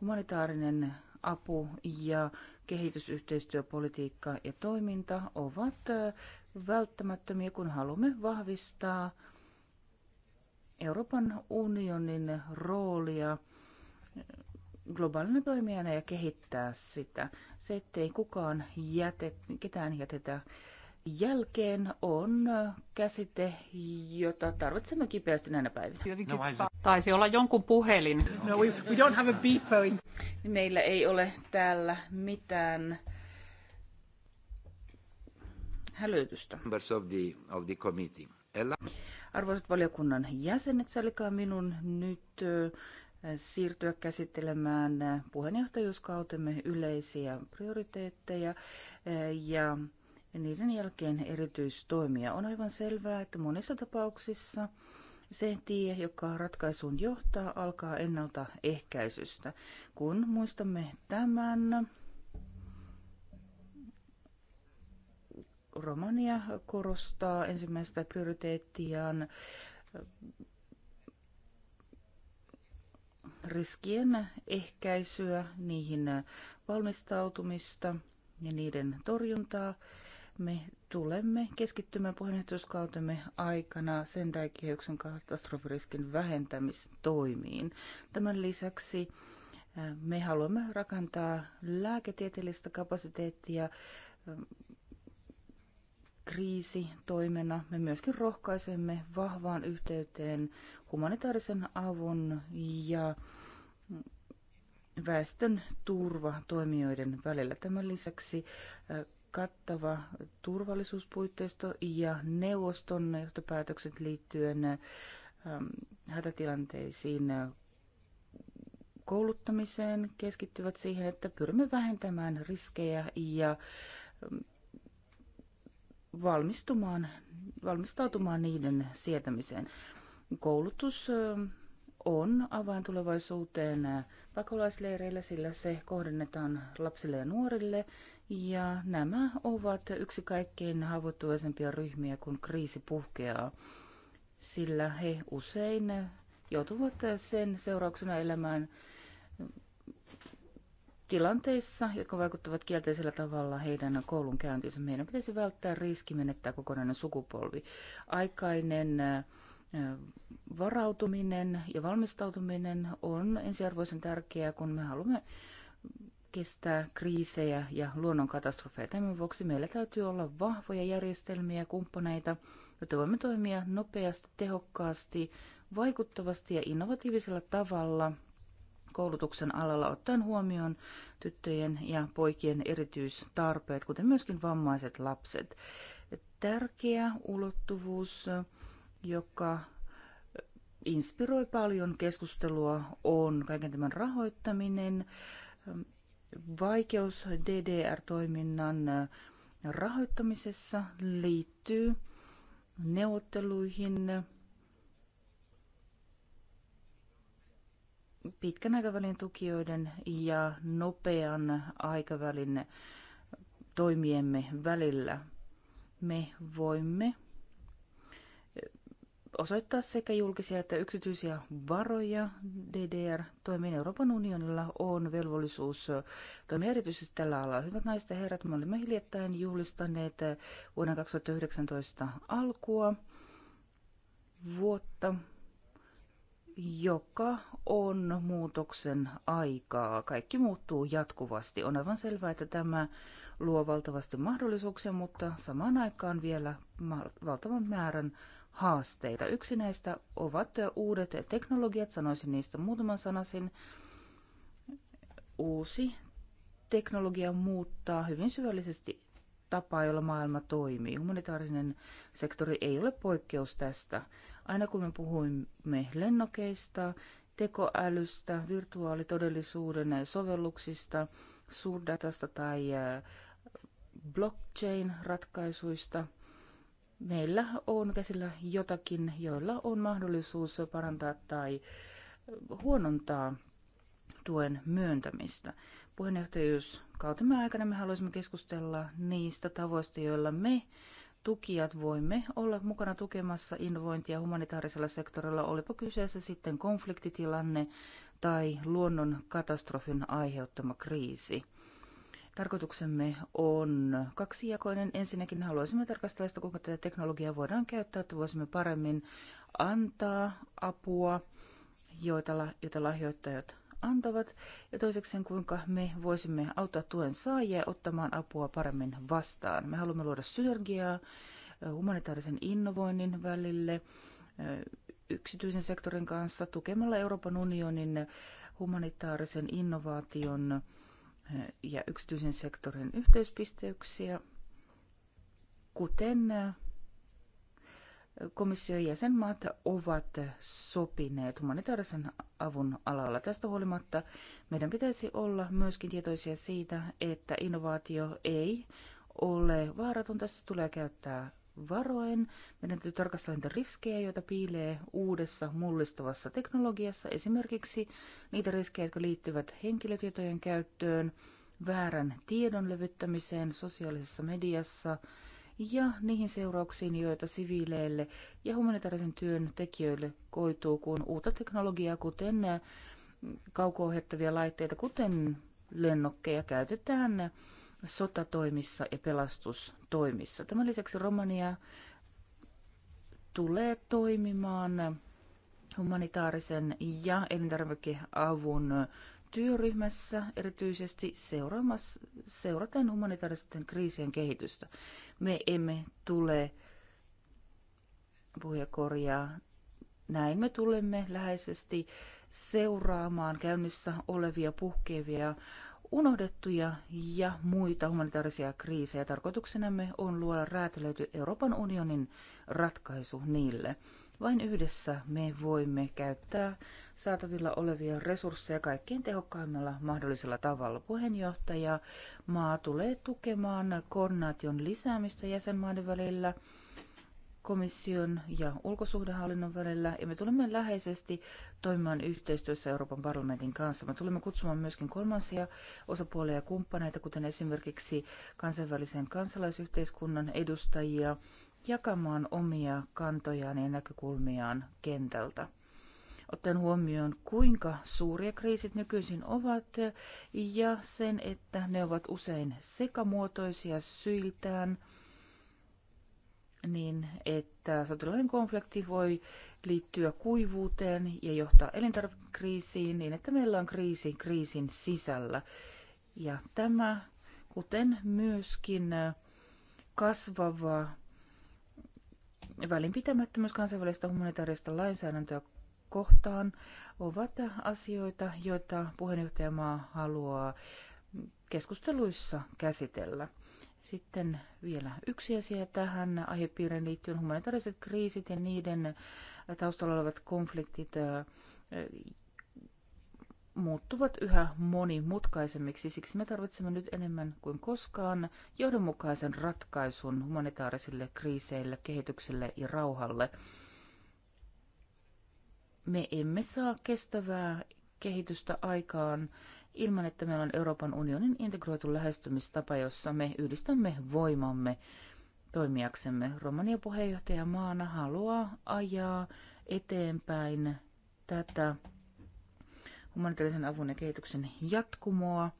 Humanitaarinen apu ja kehitysyhteistyöpolitiikka ja toiminta ovat välttämättömiä, kun haluamme vahvistaa Euroopan unionin roolia globaalina toimijana ja kehittää sitä. Se, ettei kukaan jätet, ketään jätetä jälkeen on käsite, jota tarvitsemme kipeästi näinä päivinä. No, taisi olla jonkun puhelin. No, we, we don't have a beeper. Niin meillä ei ole täällä mitään hälytystä. Of the, of the committee. Ella. Arvoisat valiokunnan jäsenet, salikaa minun nyt siirtyä käsittelemään puheenjohtajuuskautemme yleisiä prioriteetteja ja ja niiden jälkeen erityistoimia. On aivan selvää, että monissa tapauksissa se tie, joka ratkaisuun johtaa, alkaa ennaltaehkäisystä. Kun muistamme tämän, Romania korostaa ensimmäistä prioriteettiaan riskien ehkäisyä, niihin valmistautumista ja niiden torjuntaa. Me tulemme keskittymään puheenjohtajuuskautemme aikana sen kehyksen katastrofiriskin vähentämistoimiin. Tämän lisäksi me haluamme rakentaa lääketieteellistä kapasiteettia kriisitoimena. Me myöskin rohkaisemme vahvaan yhteyteen humanitaarisen avun ja väestön turvatoimijoiden välillä. Tämän lisäksi kattava turvallisuuspuitteisto ja neuvoston johtopäätökset liittyen ähm, hätätilanteisiin kouluttamiseen keskittyvät siihen, että pyrimme vähentämään riskejä ja ähm, valmistumaan, valmistautumaan niiden sietämiseen. Koulutus ähm, on avain tulevaisuuteen äh, pakolaisleireillä, sillä se kohdennetaan lapsille ja nuorille. Ja nämä ovat yksi kaikkein haavoittuvaisempia ryhmiä, kun kriisi puhkeaa, sillä he usein joutuvat sen seurauksena elämään tilanteissa, jotka vaikuttavat kielteisellä tavalla heidän koulunkäyntinsä. Meidän pitäisi välttää riski menettää kokonainen sukupolvi. Aikainen äh, varautuminen ja valmistautuminen on ensiarvoisen tärkeää, kun me haluamme kestää kriisejä ja luonnonkatastrofeja. Tämän vuoksi meillä täytyy olla vahvoja järjestelmiä ja kumppaneita, jotta voimme toimia nopeasti, tehokkaasti, vaikuttavasti ja innovatiivisella tavalla koulutuksen alalla ottaen huomioon tyttöjen ja poikien erityistarpeet, kuten myöskin vammaiset lapset. Tärkeä ulottuvuus joka inspiroi paljon keskustelua, on kaiken tämän rahoittaminen, vaikeus DDR-toiminnan rahoittamisessa liittyy neuvotteluihin pitkän aikavälin tukijoiden ja nopean aikavälin toimiemme välillä. Me voimme osoittaa sekä julkisia että yksityisiä varoja DDR-toimiin. Euroopan unionilla on velvollisuus toimia erityisesti tällä alalla. Hyvät naiset ja herrat, me olemme hiljattain juhlistaneet vuoden 2019 alkua vuotta, joka on muutoksen aikaa. Kaikki muuttuu jatkuvasti. On aivan selvää, että tämä luo valtavasti mahdollisuuksia, mutta samaan aikaan vielä valtavan määrän haasteita. Yksi näistä ovat uudet teknologiat, sanoisin niistä muutaman sanasin. Uusi teknologia muuttaa hyvin syvällisesti tapaa, jolla maailma toimii. Humanitaarinen sektori ei ole poikkeus tästä. Aina kun me puhuimme lennokeista, tekoälystä, virtuaalitodellisuuden sovelluksista, suurdatasta tai äh, blockchain-ratkaisuista – meillä on käsillä jotakin, joilla on mahdollisuus parantaa tai huonontaa tuen myöntämistä. Puheenjohtajuus kautemme aikana me haluaisimme keskustella niistä tavoista, joilla me tukijat voimme olla mukana tukemassa innovointia humanitaarisella sektorilla, olipa kyseessä sitten konfliktitilanne tai luonnon katastrofin aiheuttama kriisi. Tarkoituksemme on kaksijakoinen. Ensinnäkin haluaisimme tarkastella sitä, kuinka tätä teknologiaa voidaan käyttää, että voisimme paremmin antaa apua, joita, joita lahjoittajat antavat, ja toiseksi, kuinka me voisimme auttaa tuen saajia ottamaan apua paremmin vastaan. Me haluamme luoda synergiaa humanitaarisen innovoinnin välille yksityisen sektorin kanssa tukemalla Euroopan unionin humanitaarisen innovaation ja yksityisen sektorin yhteispisteyksiä, kuten äh, komission jäsenmaat ovat sopineet humanitaarisen avun alalla. Tästä huolimatta meidän pitäisi olla myöskin tietoisia siitä, että innovaatio ei ole vaaraton. Tässä tulee käyttää varoen. Meidän täytyy tarkastella niitä riskejä, joita piilee uudessa mullistavassa teknologiassa, esimerkiksi niitä riskejä, jotka liittyvät henkilötietojen käyttöön, väärän tiedon levyttämiseen sosiaalisessa mediassa ja niihin seurauksiin, joita siviileille ja humanitaarisen työn tekijöille koituu, kun uutta teknologiaa, kuten kauko laitteita, kuten lennokkeja, käytetään sotatoimissa ja pelastustoimissa. Tämän lisäksi Romania tulee toimimaan humanitaarisen ja elintarvikeavun työryhmässä erityisesti seuraten humanitaaristen kriisien kehitystä. Me emme tule, puhuja korjaa, näin me tulemme läheisesti seuraamaan käynnissä olevia puhkeavia unohdettuja ja muita humanitaarisia kriisejä. Tarkoituksenamme on luoda räätälöity Euroopan unionin ratkaisu niille. Vain yhdessä me voimme käyttää saatavilla olevia resursseja kaikkein tehokkaimmalla mahdollisella tavalla. Puheenjohtaja maa tulee tukemaan koordinaation lisäämistä jäsenmaiden välillä – komission ja ulkosuhdehallinnon välillä ja me tulemme läheisesti toimimaan yhteistyössä Euroopan parlamentin kanssa. Me tulemme kutsumaan myöskin kolmansia osapuolia ja kumppaneita, kuten esimerkiksi kansainvälisen kansalaisyhteiskunnan edustajia, jakamaan omia kantojaan ja näkökulmiaan kentältä. Ottaen huomioon, kuinka suuria kriisit nykyisin ovat ja sen, että ne ovat usein sekamuotoisia syiltään – niin, että sotilaallinen konflikti voi liittyä kuivuuteen ja johtaa elintarvikekriisiin niin, että meillä on kriisi kriisin sisällä. Ja tämä, kuten myöskin äh, kasvava välinpitämättömyys kansainvälistä humanitaarista lainsäädäntöä kohtaan, ovat asioita, joita puheenjohtajamaa haluaa keskusteluissa käsitellä. Sitten vielä yksi asia tähän aihepiirin liittyen humanitaariset kriisit ja niiden taustalla olevat konfliktit muuttuvat yhä monimutkaisemmiksi. Siksi me tarvitsemme nyt enemmän kuin koskaan johdonmukaisen ratkaisun humanitaarisille kriiseille, kehitykselle ja rauhalle. Me emme saa kestävää kehitystä aikaan ilman, että meillä on Euroopan unionin integroitu lähestymistapa, jossa me yhdistämme voimamme toimijaksemme. Romania maana haluaa ajaa eteenpäin tätä humanitaarisen avun ja kehityksen jatkumoa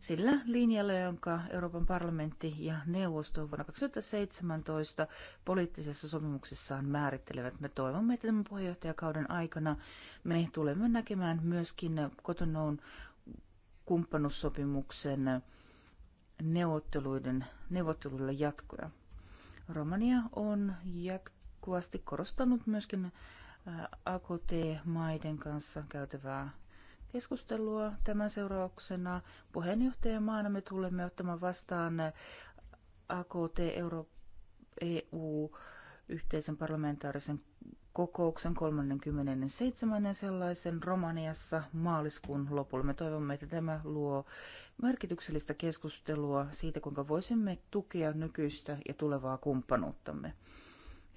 sillä linjalla, jonka Euroopan parlamentti ja neuvosto vuonna 2017 poliittisessa sopimuksessaan määrittelevät. Me toivomme, että tämän puheenjohtajakauden aikana me tulemme näkemään myöskin kotonoon kumppanussopimuksen neuvotteluiden, neuvotteluilla jatkoja. Romania on jatkuvasti korostanut myöskin AKT-maiden kanssa käytävää keskustelua. Tämän seurauksena puheenjohtajamaana me tulemme ottamaan vastaan AKT Euro EU yhteisen parlamentaarisen kokouksen 37. sellaisen Romaniassa maaliskuun lopulla. Me toivomme, että tämä luo merkityksellistä keskustelua siitä, kuinka voisimme tukea nykyistä ja tulevaa kumppanuuttamme.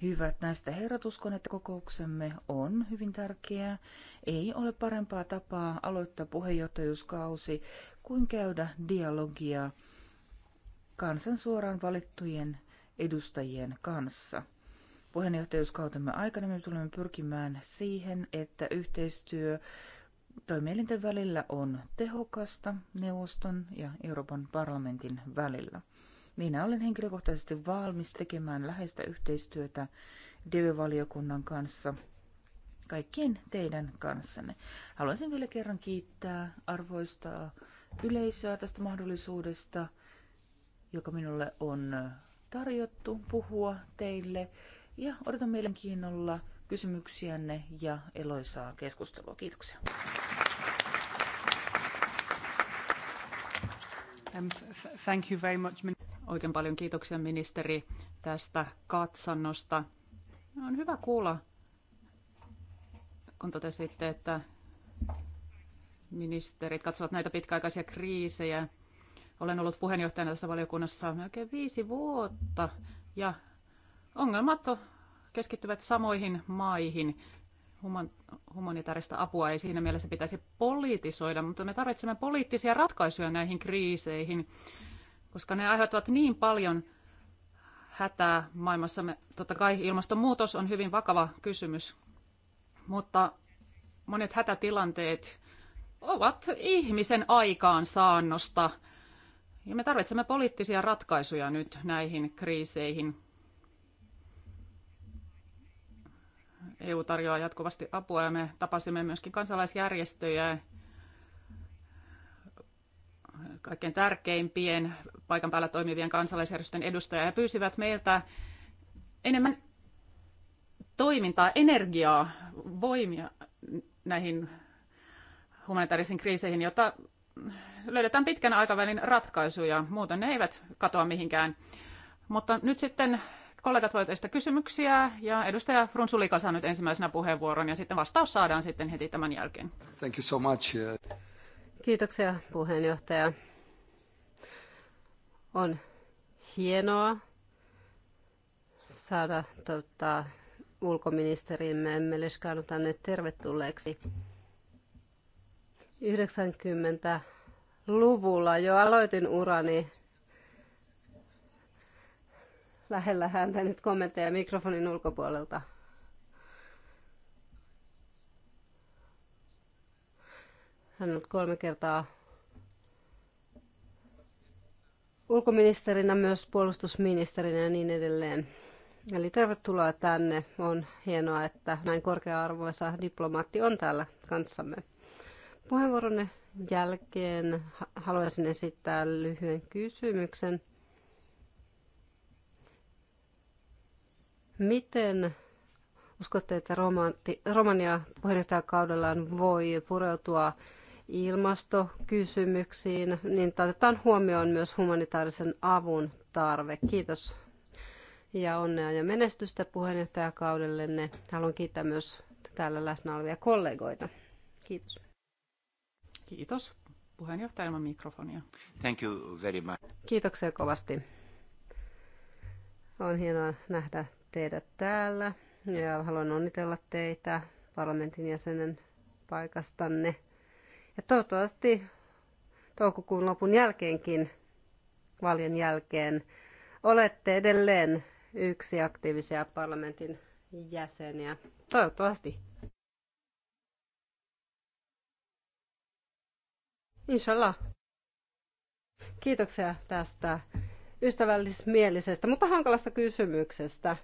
Hyvät näistä herrat, uskon, että kokouksemme on hyvin tärkeää. Ei ole parempaa tapaa aloittaa puheenjohtajuuskausi kuin käydä dialogia kansan suoraan valittujen edustajien kanssa – puheenjohtajuuskautemme aikana me tulemme pyrkimään siihen, että yhteistyö toimielinten välillä on tehokasta neuvoston ja Euroopan parlamentin välillä. Minä olen henkilökohtaisesti valmis tekemään läheistä yhteistyötä DV-valiokunnan kanssa kaikkien teidän kanssanne. Haluaisin vielä kerran kiittää arvoista yleisöä tästä mahdollisuudesta, joka minulle on tarjottu puhua teille ja odotan mielenkiinnolla kysymyksiänne ja eloisaa keskustelua. Kiitoksia. Um, thank you very much. Oikein paljon kiitoksia ministeri tästä katsannosta. On hyvä kuulla, kun totesitte, että ministerit katsovat näitä pitkäaikaisia kriisejä. Olen ollut puheenjohtajana tässä valiokunnassa melkein viisi vuotta ja Ongelmat keskittyvät samoihin maihin. Human, humanitaarista apua ei siinä mielessä pitäisi politisoida, mutta me tarvitsemme poliittisia ratkaisuja näihin kriiseihin, koska ne aiheuttavat niin paljon hätää maailmassamme. Totta kai ilmastonmuutos on hyvin vakava kysymys, mutta monet hätätilanteet ovat ihmisen aikaansaannosta. Ja me tarvitsemme poliittisia ratkaisuja nyt näihin kriiseihin. EU tarjoaa jatkuvasti apua ja me tapasimme myöskin kansalaisjärjestöjä, kaikkein tärkeimpien paikan päällä toimivien kansalaisjärjestöjen edustajia ja pyysivät meiltä enemmän toimintaa, energiaa, voimia näihin humanitaarisiin kriiseihin, jotta löydetään pitkän aikavälin ratkaisuja. Muuten ne eivät katoa mihinkään. Mutta nyt sitten kollegat voivat esittää kysymyksiä ja edustaja Frunsulika saa nyt ensimmäisenä puheenvuoron ja sitten vastaus saadaan sitten heti tämän jälkeen. Thank you so much. Uh, Kiitoksia puheenjohtaja. On hienoa saada tota, ulkoministerimme Meleskanu tänne tervetulleeksi. 90-luvulla jo aloitin urani lähellä häntä nyt kommentteja mikrofonin ulkopuolelta. Hän on kolme kertaa ulkoministerinä, myös puolustusministerinä ja niin edelleen. Eli tervetuloa tänne. On hienoa, että näin korkea-arvoisa diplomaatti on täällä kanssamme. Puheenvuoronne jälkeen haluaisin esittää lyhyen kysymyksen. Miten uskotte, että romanti, Romania puheenjohtajakaudellaan voi pureutua ilmastokysymyksiin, niin otetaan huomioon myös humanitaarisen avun tarve. Kiitos ja onnea ja menestystä puheenjohtajakaudellenne. Haluan kiittää myös täällä läsnä olevia kollegoita. Kiitos. Kiitos. Puheenjohtaja ilman mikrofonia. Thank you very much. Kiitoksia kovasti. On hienoa nähdä teidät täällä ja haluan onnitella teitä parlamentin jäsenen paikastanne. Ja toivottavasti toukokuun lopun jälkeenkin, valjen jälkeen, olette edelleen yksi aktiivisia parlamentin jäseniä. Toivottavasti. Inshallah. Kiitoksia tästä ystävällismielisestä, mutta hankalasta kysymyksestä.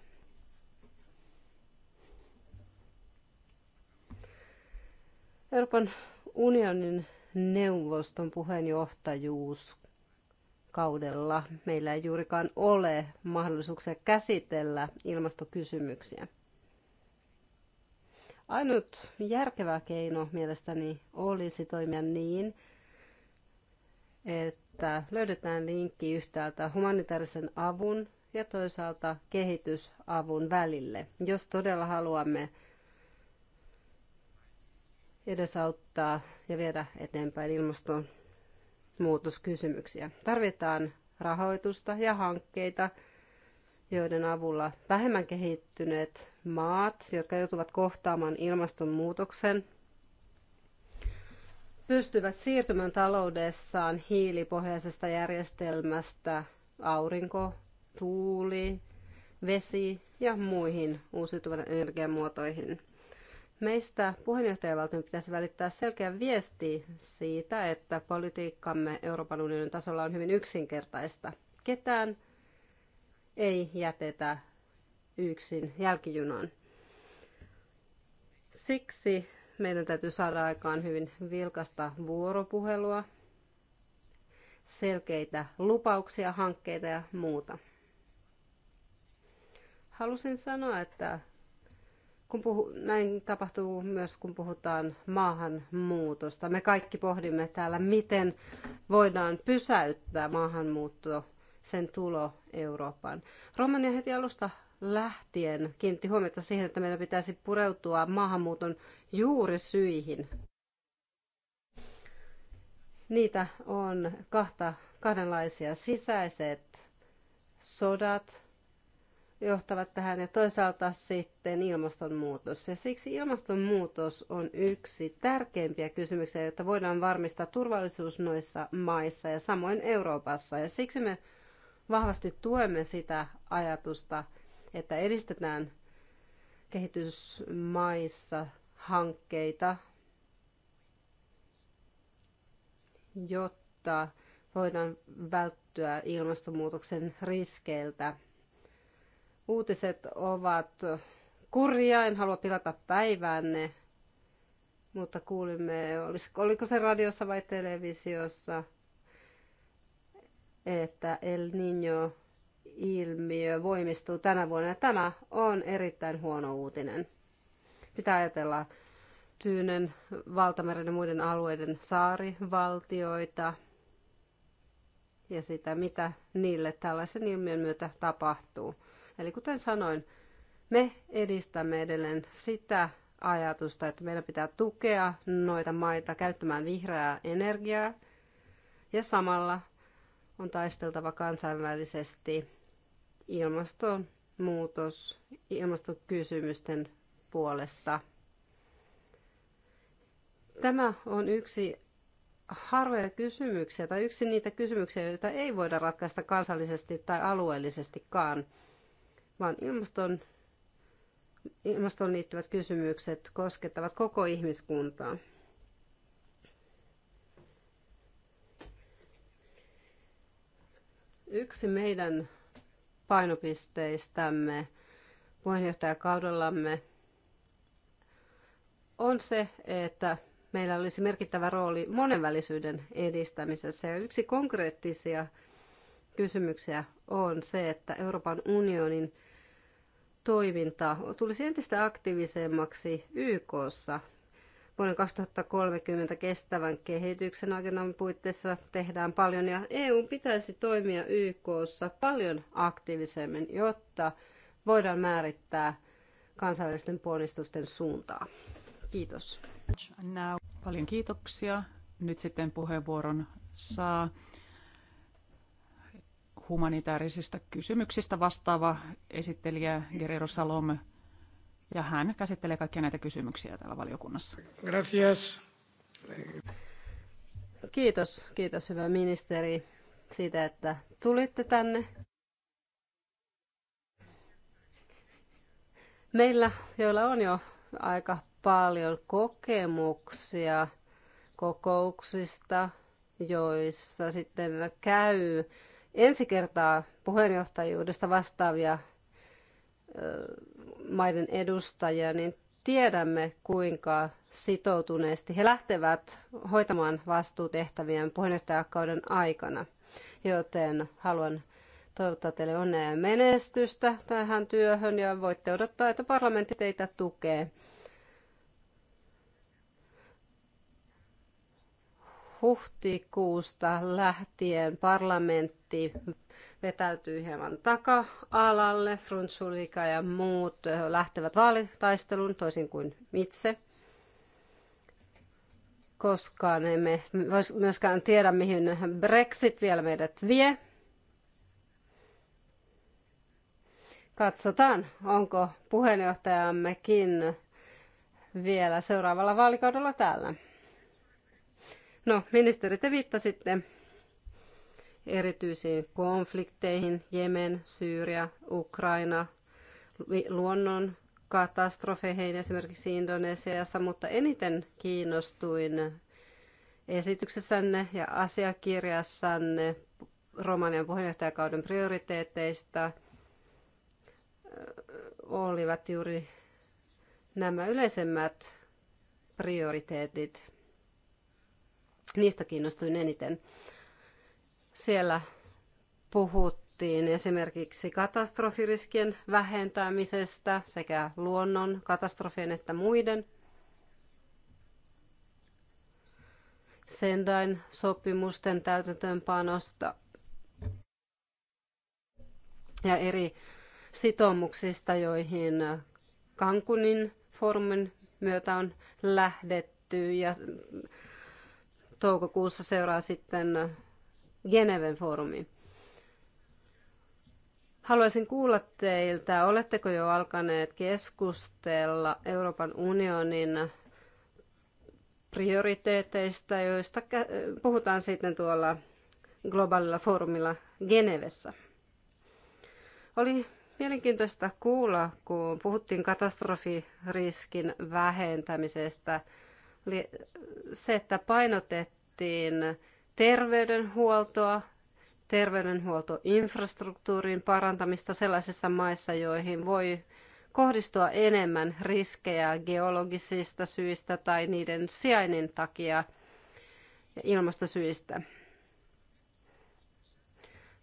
Euroopan unionin neuvoston puheenjohtajuus kaudella meillä ei juurikaan ole mahdollisuuksia käsitellä ilmastokysymyksiä. Ainut järkevä keino mielestäni olisi toimia niin, että löydetään linkki yhtäältä humanitaarisen avun ja toisaalta kehitysavun välille. Jos todella haluamme edesauttaa ja viedä eteenpäin ilmastonmuutoskysymyksiä. Tarvitaan rahoitusta ja hankkeita, joiden avulla vähemmän kehittyneet maat, jotka joutuvat kohtaamaan ilmastonmuutoksen, pystyvät siirtymään taloudessaan hiilipohjaisesta järjestelmästä aurinko, tuuli, vesi ja muihin uusiutuvan energiamuotoihin. Meistä puheenjohtajavaltion pitäisi välittää selkeä viesti siitä, että politiikkamme Euroopan unionin tasolla on hyvin yksinkertaista. Ketään ei jätetä yksin jälkijunaan. Siksi meidän täytyy saada aikaan hyvin vilkasta vuoropuhelua, selkeitä lupauksia, hankkeita ja muuta. Halusin sanoa, että kun puhu, näin tapahtuu myös, kun puhutaan maahanmuutosta. Me kaikki pohdimme täällä, miten voidaan pysäyttää maahanmuutto, sen tulo Eurooppaan. Romania heti alusta lähtien kiinnitti huomiota siihen, että meidän pitäisi pureutua maahanmuuton juurisyihin. Niitä on kahta, kahdenlaisia sisäiset sodat, johtavat tähän ja toisaalta sitten ilmastonmuutos. Ja siksi ilmastonmuutos on yksi tärkeimpiä kysymyksiä, jotta voidaan varmistaa turvallisuus noissa maissa ja samoin Euroopassa. Ja siksi me vahvasti tuemme sitä ajatusta, että edistetään kehitysmaissa hankkeita, jotta voidaan välttyä ilmastonmuutoksen riskeiltä Uutiset ovat kurja, en halua pilata päiväänne, mutta kuulimme, oliko se radiossa vai televisiossa, että El Niño ilmiö voimistuu tänä vuonna. Ja tämä on erittäin huono uutinen. Pitää ajatella Tyynen, Valtameren ja muiden alueiden saarivaltioita ja sitä, mitä niille tällaisen ilmiön myötä tapahtuu. Eli kuten sanoin, me edistämme edelleen sitä ajatusta, että meidän pitää tukea noita maita käyttämään vihreää energiaa ja samalla on taisteltava kansainvälisesti ilmastonmuutos, ilmastokysymysten puolesta. Tämä on yksi harvoja kysymyksiä tai yksi niitä kysymyksiä, joita ei voida ratkaista kansallisesti tai alueellisestikaan – vaan ilmaston, ilmaston liittyvät kysymykset koskettavat koko ihmiskuntaa. Yksi meidän painopisteistämme puheenjohtajakaudellamme on se, että meillä olisi merkittävä rooli monenvälisyyden edistämisessä. Ja yksi konkreettisia kysymyksiä on se, että Euroopan unionin toiminta tulisi entistä aktiivisemmaksi YKssa. Vuoden 2030 kestävän kehityksen agendan puitteissa tehdään paljon ja EU pitäisi toimia YKssa paljon aktiivisemmin, jotta voidaan määrittää kansainvälisten ponnistusten suuntaa. Kiitos. Paljon kiitoksia. Nyt sitten puheenvuoron saa humanitaarisista kysymyksistä vastaava esittelijä Guerrero Salom, ja hän käsittelee kaikkia näitä kysymyksiä täällä valiokunnassa. Gracias. Kiitos, kiitos hyvä ministeri siitä, että tulitte tänne. Meillä, joilla on jo aika paljon kokemuksia kokouksista, joissa sitten käy ensi kertaa puheenjohtajuudesta vastaavia maiden edustajia, niin tiedämme, kuinka sitoutuneesti he lähtevät hoitamaan vastuutehtävien puheenjohtajakauden aikana. Joten haluan toivottaa teille onnea ja menestystä tähän työhön ja voitte odottaa, että parlamentti teitä tukee. huhtikuusta lähtien parlamentti vetäytyy hieman taka-alalle. Frunzulika ja muut lähtevät vaalitaisteluun toisin kuin itse. Koskaan emme myöskään tiedä, mihin Brexit vielä meidät vie. Katsotaan, onko puheenjohtajammekin vielä seuraavalla vaalikaudella täällä. No, ministeri, te viittasitte erityisiin konflikteihin, Jemen, Syyria, Ukraina, luonnon katastrofeihin esimerkiksi Indonesiassa, mutta eniten kiinnostuin esityksessänne ja asiakirjassanne Romanian puheenjohtajakauden prioriteetteista olivat juuri nämä yleisemmät prioriteetit. Niistä kiinnostuin eniten. Siellä puhuttiin esimerkiksi katastrofiriskien vähentämisestä sekä luonnon katastrofien että muiden. Sendain sopimusten täytäntöönpanosta ja eri sitoumuksista, joihin Kankunin foorumin myötä on lähdetty ja toukokuussa seuraa sitten Geneven foorumi. Haluaisin kuulla teiltä, oletteko jo alkaneet keskustella Euroopan unionin prioriteeteista, joista puhutaan sitten tuolla globaalilla foorumilla Genevessä. Oli mielenkiintoista kuulla, kun puhuttiin katastrofiriskin vähentämisestä – Eli se, että painotettiin terveydenhuoltoa, terveydenhuoltoinfrastruktuurin parantamista sellaisissa maissa, joihin voi kohdistua enemmän riskejä geologisista syistä tai niiden sijainnin takia ja ilmastosyistä.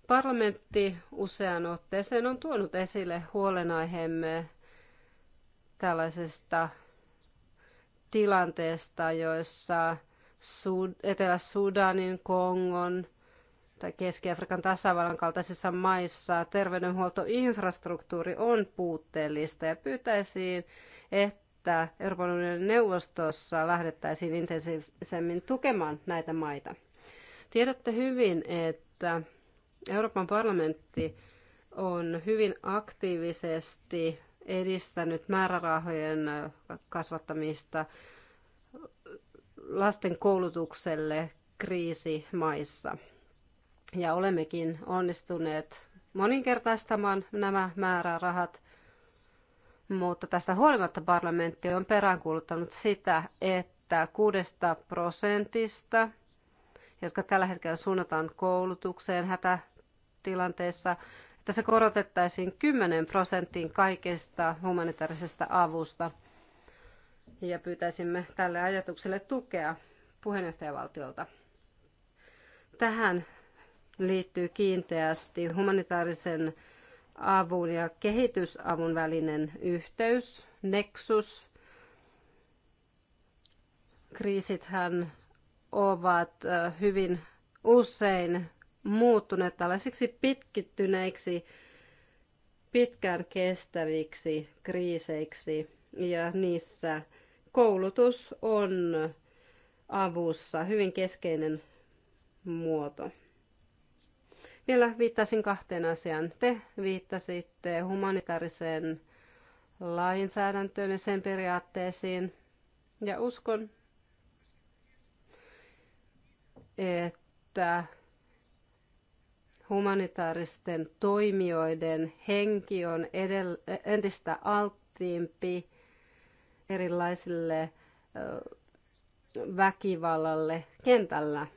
Parlamentti usean otteeseen on tuonut esille huolenaiheemme tällaisesta tilanteesta, joissa Etelä-Sudanin, Kongon tai Keski-Afrikan tasavallan kaltaisissa maissa terveydenhuoltoinfrastruktuuri on puutteellista ja pyytäisiin, että Euroopan unionin neuvostossa lähdettäisiin intensiivisemmin tukemaan näitä maita. Tiedätte hyvin, että Euroopan parlamentti on hyvin aktiivisesti edistänyt määrärahojen kasvattamista lasten koulutukselle kriisimaissa. Ja olemmekin onnistuneet moninkertaistamaan nämä määrärahat, mutta tästä huolimatta parlamentti on peräänkuuluttanut sitä, että kuudesta prosentista, jotka tällä hetkellä suunnataan koulutukseen hätätilanteessa, että se korotettaisiin 10 prosenttiin kaikesta humanitaarisesta avusta. Ja pyytäisimme tälle ajatukselle tukea puheenjohtajavaltiolta. Tähän liittyy kiinteästi humanitaarisen avun ja kehitysavun välinen yhteys, neksus. Kriisithän ovat hyvin usein muuttuneet tällaisiksi pitkittyneiksi, pitkään kestäviksi kriiseiksi ja niissä koulutus on avussa hyvin keskeinen muoto. Vielä viittasin kahteen asiaan. Te viittasitte humanitaariseen lainsäädäntöön ja sen periaatteisiin. Ja uskon, että humanitaaristen toimijoiden henki on edell- entistä alttiimpi erilaisille väkivallalle kentällä.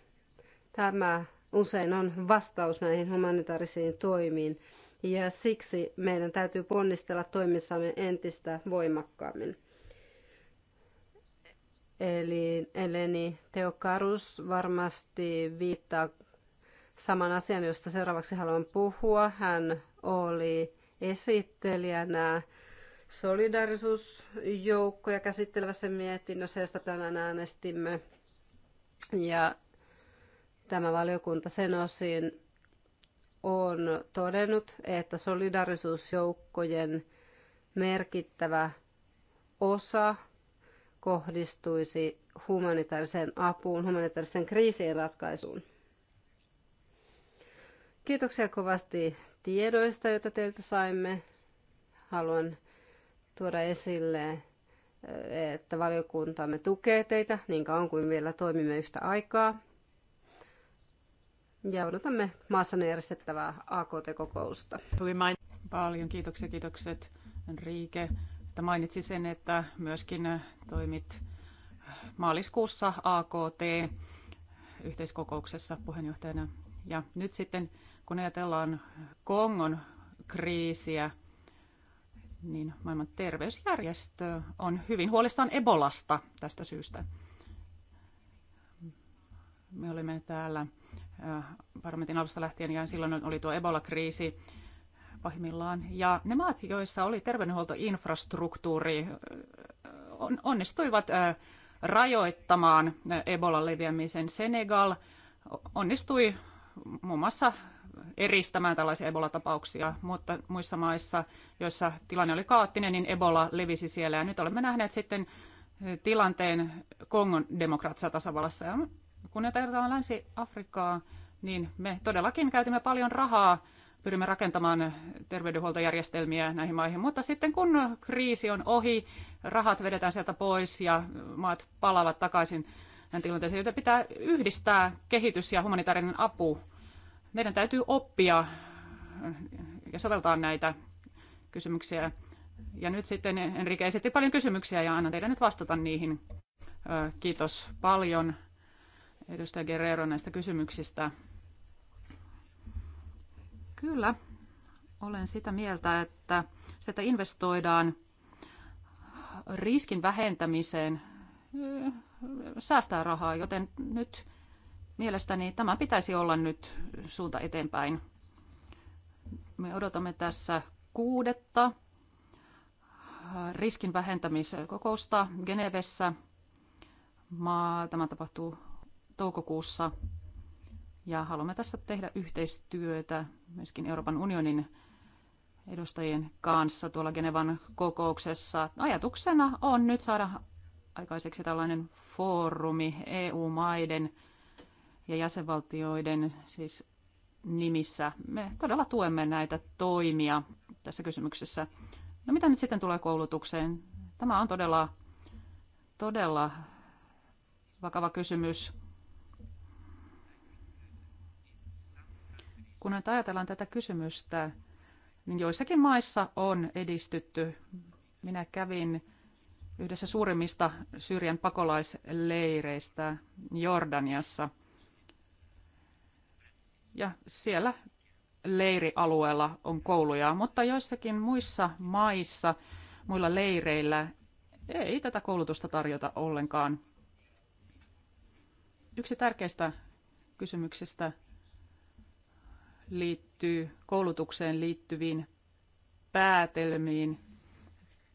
Tämä usein on vastaus näihin humanitaarisiin toimiin ja siksi meidän täytyy ponnistella toimissamme entistä voimakkaammin. Eli Eleni Teokarus varmasti viittaa saman asian, josta seuraavaksi haluan puhua. Hän oli esittelijänä solidarisuusjoukkoja käsittelevässä mietinnössä, josta tänään äänestimme. Ja tämä valiokunta sen osin on todennut, että solidarisuusjoukkojen merkittävä osa kohdistuisi humanitaariseen apuun, humanitaarisen kriisien ratkaisuun. Kiitoksia kovasti tiedoista, joita teiltä saimme. Haluan tuoda esille, eh, että valiokuntamme tukee teitä niin kauan kuin vielä toimimme yhtä aikaa. Ja odotamme maassanne järjestettävää AKT-kokousta. Paljon kiitoksia, kiitokset Enrique, että mainitsi sen, että myöskin toimit maaliskuussa AKT-yhteiskokouksessa puheenjohtajana. Ja nyt sitten kun ajatellaan Kongon kriisiä, niin maailman terveysjärjestö on hyvin huolissaan Ebolasta tästä syystä. Me olimme täällä äh, parlamentin alusta lähtien ja silloin oli tuo Ebola-kriisi pahimmillaan. Ja ne maat, joissa oli terveydenhuoltoinfrastruktuuri, äh, onnistuivat äh, rajoittamaan Ebolan leviämisen. Senegal onnistui muun muassa eristämään tällaisia Ebola-tapauksia, mutta muissa maissa, joissa tilanne oli kaoottinen, niin Ebola levisi siellä. Ja nyt olemme nähneet sitten eh, tilanteen Kongon demokraattisessa tasavallassa. Ja kun ajatellaan Länsi-Afrikkaa, niin me todellakin käytimme paljon rahaa, pyrimme rakentamaan terveydenhuoltojärjestelmiä näihin maihin, mutta sitten kun kriisi on ohi, rahat vedetään sieltä pois ja maat palaavat takaisin tilanteeseen, joten pitää yhdistää kehitys ja humanitaarinen apu meidän täytyy oppia äh, ja soveltaa näitä kysymyksiä. Ja nyt sitten Enrique esitti paljon kysymyksiä ja annan teidän nyt vastata niihin. Kiitos paljon edustaja Guerrero näistä kysymyksistä. Kyllä, olen sitä mieltä, että se, että investoidaan riskin vähentämiseen, säästää rahaa, joten nyt Mielestäni tämä pitäisi olla nyt suunta eteenpäin. Me odotamme tässä kuudetta riskin vähentämiskokousta Genevessä. Tämä tapahtuu toukokuussa ja haluamme tässä tehdä yhteistyötä myöskin Euroopan unionin edustajien kanssa tuolla Genevan kokouksessa. Ajatuksena on nyt saada aikaiseksi tällainen foorumi EU-maiden ja jäsenvaltioiden siis nimissä. Me todella tuemme näitä toimia tässä kysymyksessä. No mitä nyt sitten tulee koulutukseen? Tämä on todella, todella vakava kysymys. Kun nyt ajatellaan tätä kysymystä, niin joissakin maissa on edistytty. Minä kävin yhdessä suurimmista Syyrian pakolaisleireistä Jordaniassa – ja siellä leirialueella on kouluja, mutta joissakin muissa maissa, muilla leireillä ei tätä koulutusta tarjota ollenkaan. Yksi tärkeistä kysymyksistä liittyy koulutukseen liittyviin päätelmiin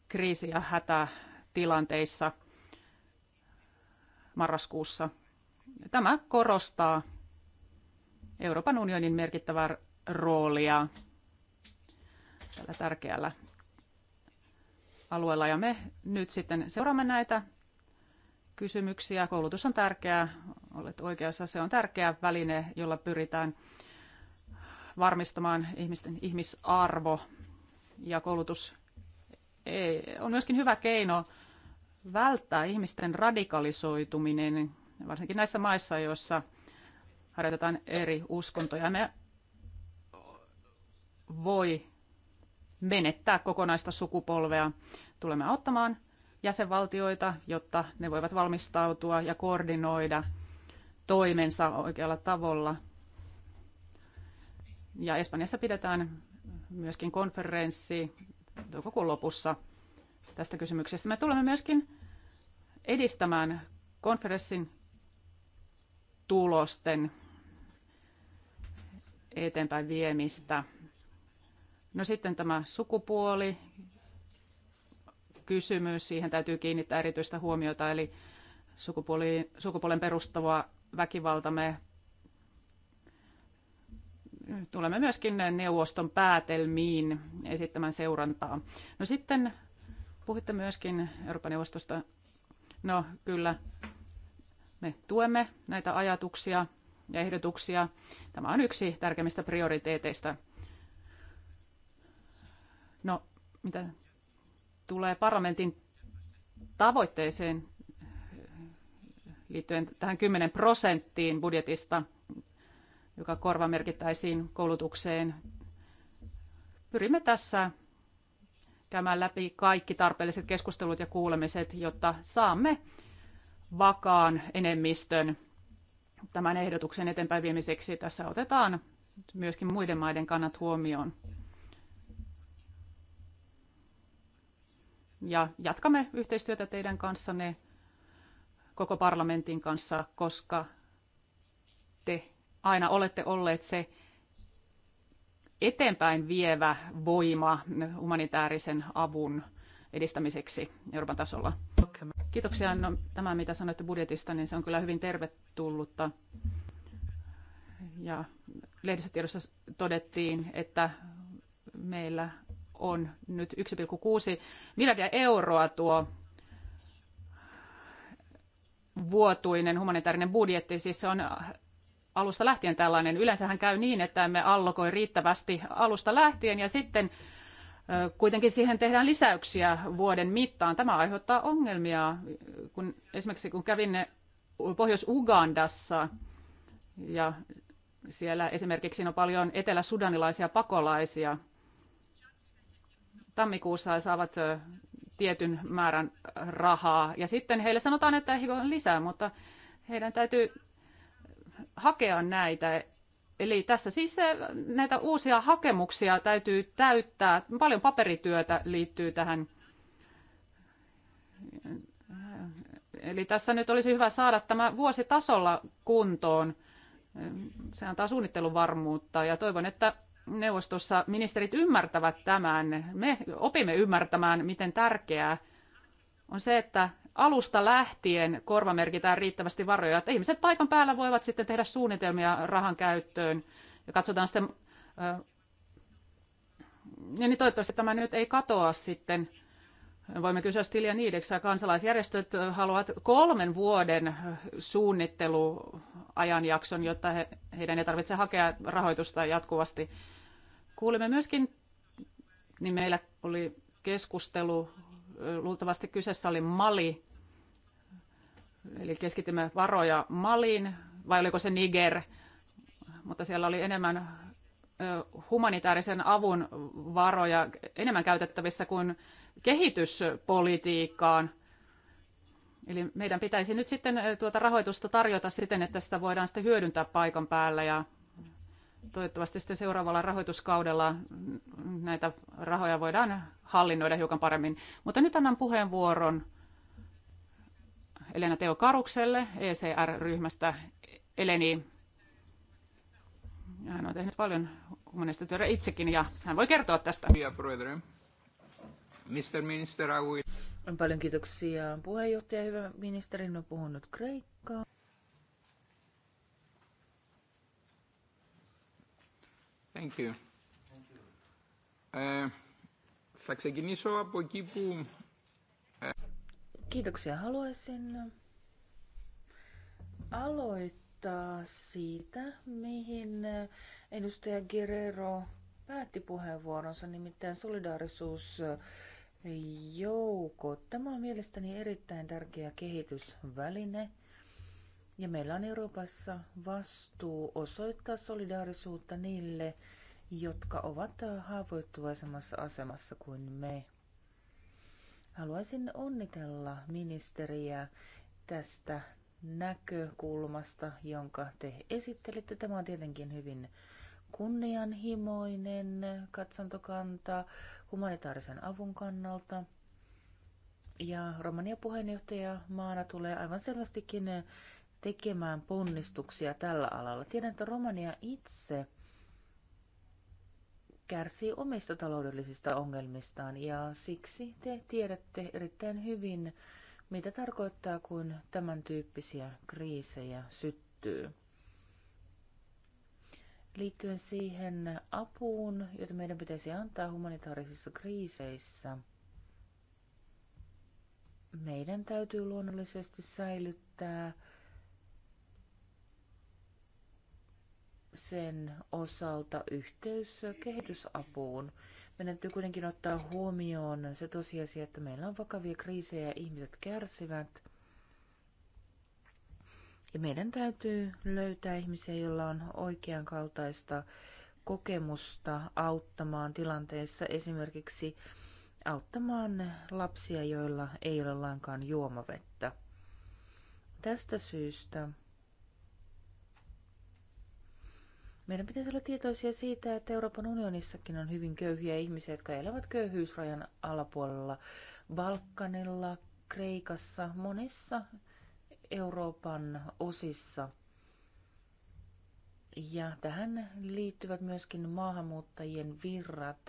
kriisi- ja hätätilanteissa marraskuussa. Tämä korostaa Euroopan unionin merkittävää roolia tällä tärkeällä alueella. Ja me nyt sitten seuraamme näitä kysymyksiä. Koulutus on tärkeää, olet oikeassa, se on tärkeä väline, jolla pyritään varmistamaan ihmisten ihmisarvo. Ja koulutus ei, on myöskin hyvä keino välttää ihmisten radikalisoituminen, varsinkin näissä maissa, joissa – harjoitetaan eri uskontoja. Me voi menettää kokonaista sukupolvea. Tulemme auttamaan jäsenvaltioita, jotta ne voivat valmistautua ja koordinoida toimensa oikealla tavalla. Ja Espanjassa pidetään myöskin konferenssi toukokuun lopussa tästä kysymyksestä. Me tulemme myöskin edistämään konferenssin tulosten eteenpäin viemistä. No sitten tämä sukupuoli kysymys, siihen täytyy kiinnittää erityistä huomiota, eli sukupuoli, sukupuolen perustava väkivalta me tulemme myöskin neuvoston päätelmiin esittämään seurantaa. No sitten puhutte myöskin Euroopan neuvostosta. No kyllä, me tuemme näitä ajatuksia ja ehdotuksia. Tämä on yksi tärkeimmistä prioriteeteista. No, mitä tulee parlamentin tavoitteeseen liittyen tähän 10 prosenttiin budjetista, joka korva merkittäisiin koulutukseen. Pyrimme tässä käymään läpi kaikki tarpeelliset keskustelut ja kuulemiset, jotta saamme vakaan enemmistön tämän ehdotuksen eteenpäin viemiseksi. Tässä otetaan myöskin muiden maiden kannat huomioon. Ja jatkamme yhteistyötä teidän kanssanne koko parlamentin kanssa, koska te aina olette olleet se eteenpäin vievä voima humanitaarisen avun edistämiseksi Euroopan tasolla. Kiitoksia Anno. Tämä, mitä sanoitte budjetista, niin se on kyllä hyvin tervetullutta. Ja lehdistötiedossa todettiin, että meillä on nyt 1,6 miljardia euroa tuo vuotuinen humanitaarinen budjetti. Siis se on alusta lähtien tällainen. Yleensähän käy niin, että me allokoi riittävästi alusta lähtien ja sitten Kuitenkin siihen tehdään lisäyksiä vuoden mittaan. Tämä aiheuttaa ongelmia, kun esimerkiksi kun kävin Pohjois-Ugandassa ja siellä esimerkiksi on paljon eteläsudanilaisia pakolaisia. Tammikuussa he saavat tietyn määrän rahaa ja sitten heille sanotaan, että ei ole lisää, mutta heidän täytyy hakea näitä Eli tässä siis näitä uusia hakemuksia täytyy täyttää. Paljon paperityötä liittyy tähän. Eli tässä nyt olisi hyvä saada tämä vuositasolla kuntoon. Se antaa suunnittelun varmuutta ja toivon, että neuvostossa ministerit ymmärtävät tämän. Me opimme ymmärtämään, miten tärkeää on se, että alusta lähtien korvamerkitään riittävästi varoja, että ihmiset paikan päällä voivat sitten tehdä suunnitelmia rahan käyttöön ja katsotaan sitten, ja niin toivottavasti tämä nyt ei katoa sitten Voimme kysyä Stilja Niideksa. Kansalaisjärjestöt haluavat kolmen vuoden suunnitteluajanjakson, jotta he, heidän ei tarvitse hakea rahoitusta jatkuvasti. Kuulimme myöskin, niin meillä oli keskustelu luultavasti kyseessä oli Mali, eli keskitimme varoja Maliin, vai oliko se Niger, mutta siellä oli enemmän humanitaarisen avun varoja enemmän käytettävissä kuin kehityspolitiikkaan. Eli meidän pitäisi nyt sitten tuota rahoitusta tarjota siten, että sitä voidaan sitten hyödyntää paikan päällä ja toivottavasti sitten seuraavalla rahoituskaudella näitä rahoja voidaan hallinnoida hiukan paremmin. Mutta nyt annan puheenvuoron Elena Teo Karukselle ECR-ryhmästä. Eleni, hän on tehnyt paljon monesta työtä itsekin ja hän voi kertoa tästä. Mr. Minister, I will... Paljon kiitoksia puheenjohtaja, hyvä ministeri, on puhunut Kreikkaa. Thank you. Thank you. Θα ξεκινήσω από εκεί που... Κοίταξε, Haluaisin aloittaa siitä, mihin edustaja Guerrero päätti puheenvuoronsa, nimittäin solidaarisuusjoukot. Tämä on mielestäni erittäin tärkeä kehitysväline – ja meillä on Euroopassa vastuu osoittaa solidaarisuutta niille, jotka ovat haavoittuvaisemmassa asemassa kuin me. Haluaisin onnitella ministeriä tästä näkökulmasta, jonka te esittelitte. Tämä on tietenkin hyvin kunnianhimoinen katsantokanta humanitaarisen avun kannalta. Ja Romania puheenjohtaja maana tulee aivan selvästikin tekemään ponnistuksia tällä alalla. Tiedän, että Romania itse kärsii omista taloudellisista ongelmistaan ja siksi te tiedätte erittäin hyvin, mitä tarkoittaa, kun tämän tyyppisiä kriisejä syttyy. Liittyen siihen apuun, jota meidän pitäisi antaa humanitaarisissa kriiseissä, meidän täytyy luonnollisesti säilyttää – sen osalta yhteys kehitysapuun. Meidän täytyy kuitenkin ottaa huomioon se tosiasia, että meillä on vakavia kriisejä ja ihmiset kärsivät. Ja meidän täytyy löytää ihmisiä, joilla on oikeankaltaista kokemusta auttamaan tilanteessa esimerkiksi auttamaan lapsia, joilla ei ole lainkaan juomavettä. Tästä syystä Meidän pitäisi olla tietoisia siitä, että Euroopan unionissakin on hyvin köyhiä ihmisiä, jotka elävät köyhyysrajan alapuolella. Balkanilla, Kreikassa, monissa Euroopan osissa. Ja tähän liittyvät myöskin maahanmuuttajien virrat,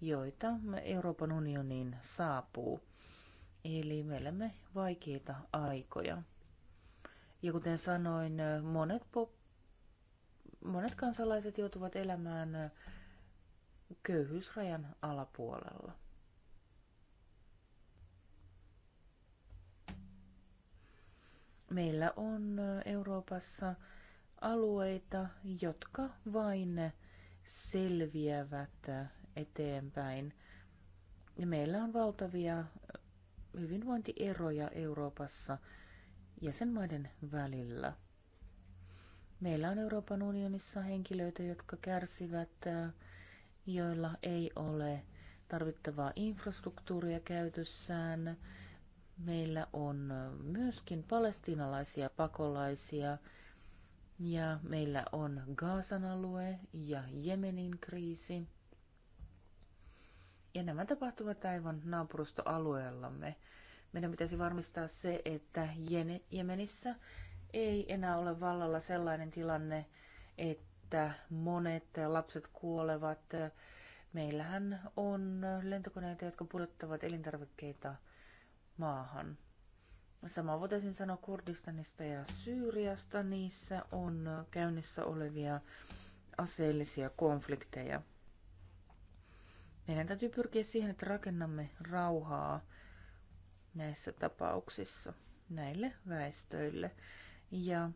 joita Euroopan unioniin saapuu. Eli me elämme vaikeita aikoja. Ja kuten sanoin, monet pop monet kansalaiset joutuvat elämään köyhyysrajan alapuolella. Meillä on Euroopassa alueita, jotka vain selviävät eteenpäin. Ja meillä on valtavia hyvinvointieroja Euroopassa jäsenmaiden välillä – Meillä on Euroopan unionissa henkilöitä, jotka kärsivät, äh, joilla ei ole tarvittavaa infrastruktuuria käytössään. Meillä on äh, myöskin palestiinalaisia pakolaisia ja meillä on Gaasan alue ja Jemenin kriisi. Ja nämä tapahtuvat aivan naapurustoalueellamme. Meidän pitäisi varmistaa se, että Jemenissä ei enää ole vallalla sellainen tilanne, että monet lapset kuolevat. Meillähän on lentokoneita, jotka pudottavat elintarvikkeita maahan. Sama voitaisiin sanoa Kurdistanista ja Syyriasta. Niissä on käynnissä olevia aseellisia konflikteja. Meidän täytyy pyrkiä siihen, että rakennamme rauhaa näissä tapauksissa näille väestöille. Ja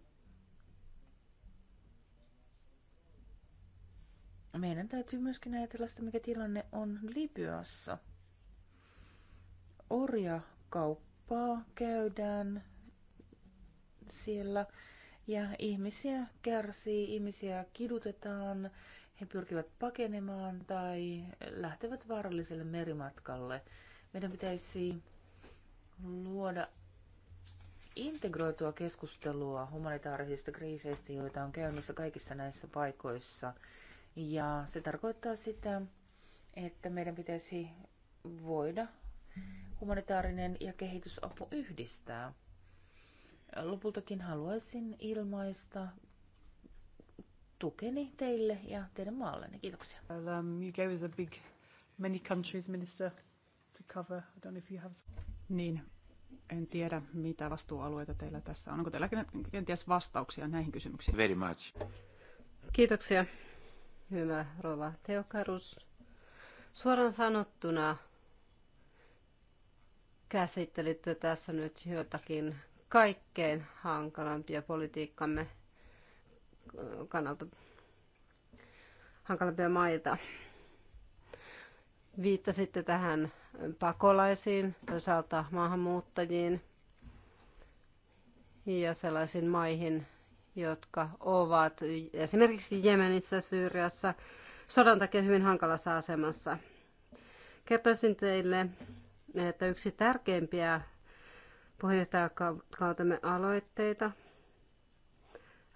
meidän täytyy myöskin ajatella sitä, mikä tilanne on Libyassa. Orjakauppaa käydään siellä ja ihmisiä kärsii, ihmisiä kidutetaan, he pyrkivät pakenemaan tai lähtevät vaaralliselle merimatkalle. Meidän pitäisi luoda integroitua keskustelua humanitaarisista kriiseistä, joita on käynnissä kaikissa näissä paikoissa. Ja se tarkoittaa sitä, että meidän pitäisi voida humanitaarinen ja kehitysapu yhdistää. Lopultakin haluaisin ilmaista tukeni teille ja teidän maallenne. Kiitoksia. Well, um, you gave us a big, many countries, minister, to cover. I don't know if you have... Niin, en tiedä, mitä vastuualueita teillä tässä on. Onko teillä kenties vastauksia näihin kysymyksiin? Very much. Kiitoksia. Hyvä Rova Teokarus. Suoraan sanottuna käsittelitte tässä nyt jotakin kaikkein hankalampia politiikkamme kannalta hankalampia maita. Viittasitte tähän pakolaisiin, toisaalta maahanmuuttajiin ja sellaisiin maihin, jotka ovat esimerkiksi Jemenissä, Syyriassa sodan takia hyvin hankalassa asemassa. Kertoisin teille, että yksi tärkeimpiä puheenjohtajakautemme aloitteita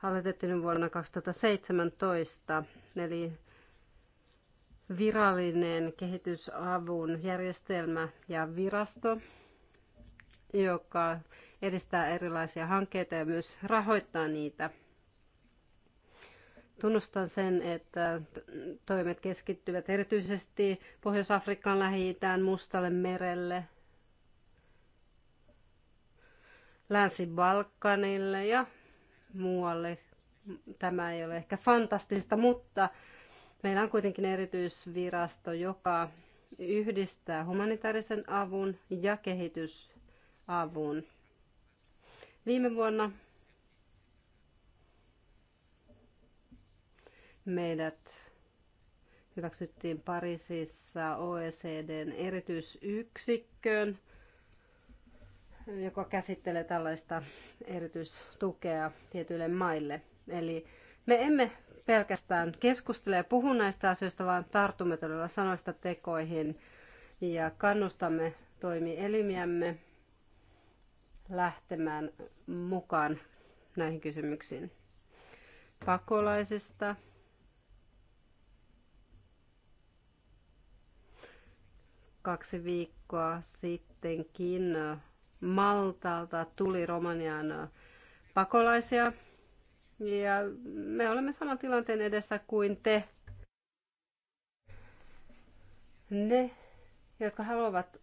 aloitettiin vuonna 2017, eli virallinen kehitysavun järjestelmä ja virasto, joka edistää erilaisia hankkeita ja myös rahoittaa niitä. Tunnustan sen, että toimet keskittyvät erityisesti Pohjois-Afrikan lähi-itään, Mustalle merelle, Länsi-Balkanille ja muualle. Tämä ei ole ehkä fantastista, mutta Meillä on kuitenkin erityisvirasto, joka yhdistää humanitaarisen avun ja kehitysavun. Viime vuonna meidät hyväksyttiin Pariisissa OECDn erityisyksikköön, joka käsittelee tällaista erityistukea tietyille maille. Eli me emme pelkästään keskustele ja puhu näistä asioista, vaan tartumme todella sanoista tekoihin ja kannustamme toimielimiämme lähtemään mukaan näihin kysymyksiin. Pakolaisista. Kaksi viikkoa sittenkin Maltalta tuli Romaniaan pakolaisia ja me olemme saman tilanteen edessä kuin te. Ne, jotka haluavat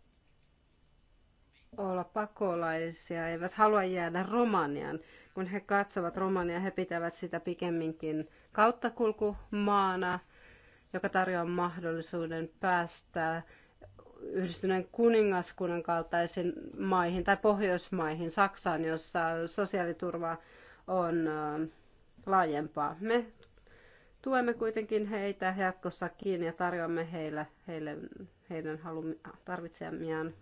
olla pakolaisia, eivät halua jäädä Romanian, Kun he katsovat Romania, he pitävät sitä pikemminkin kauttakulkumaana, joka tarjoaa mahdollisuuden päästä yhdistyneen kuningaskunnan kaltaisiin maihin tai pohjoismaihin, Saksaan, jossa sosiaaliturva on laajempaa. Me tuemme kuitenkin heitä jatkossakin ja tarjoamme heille, heille heidän halum, tarvitsemiaan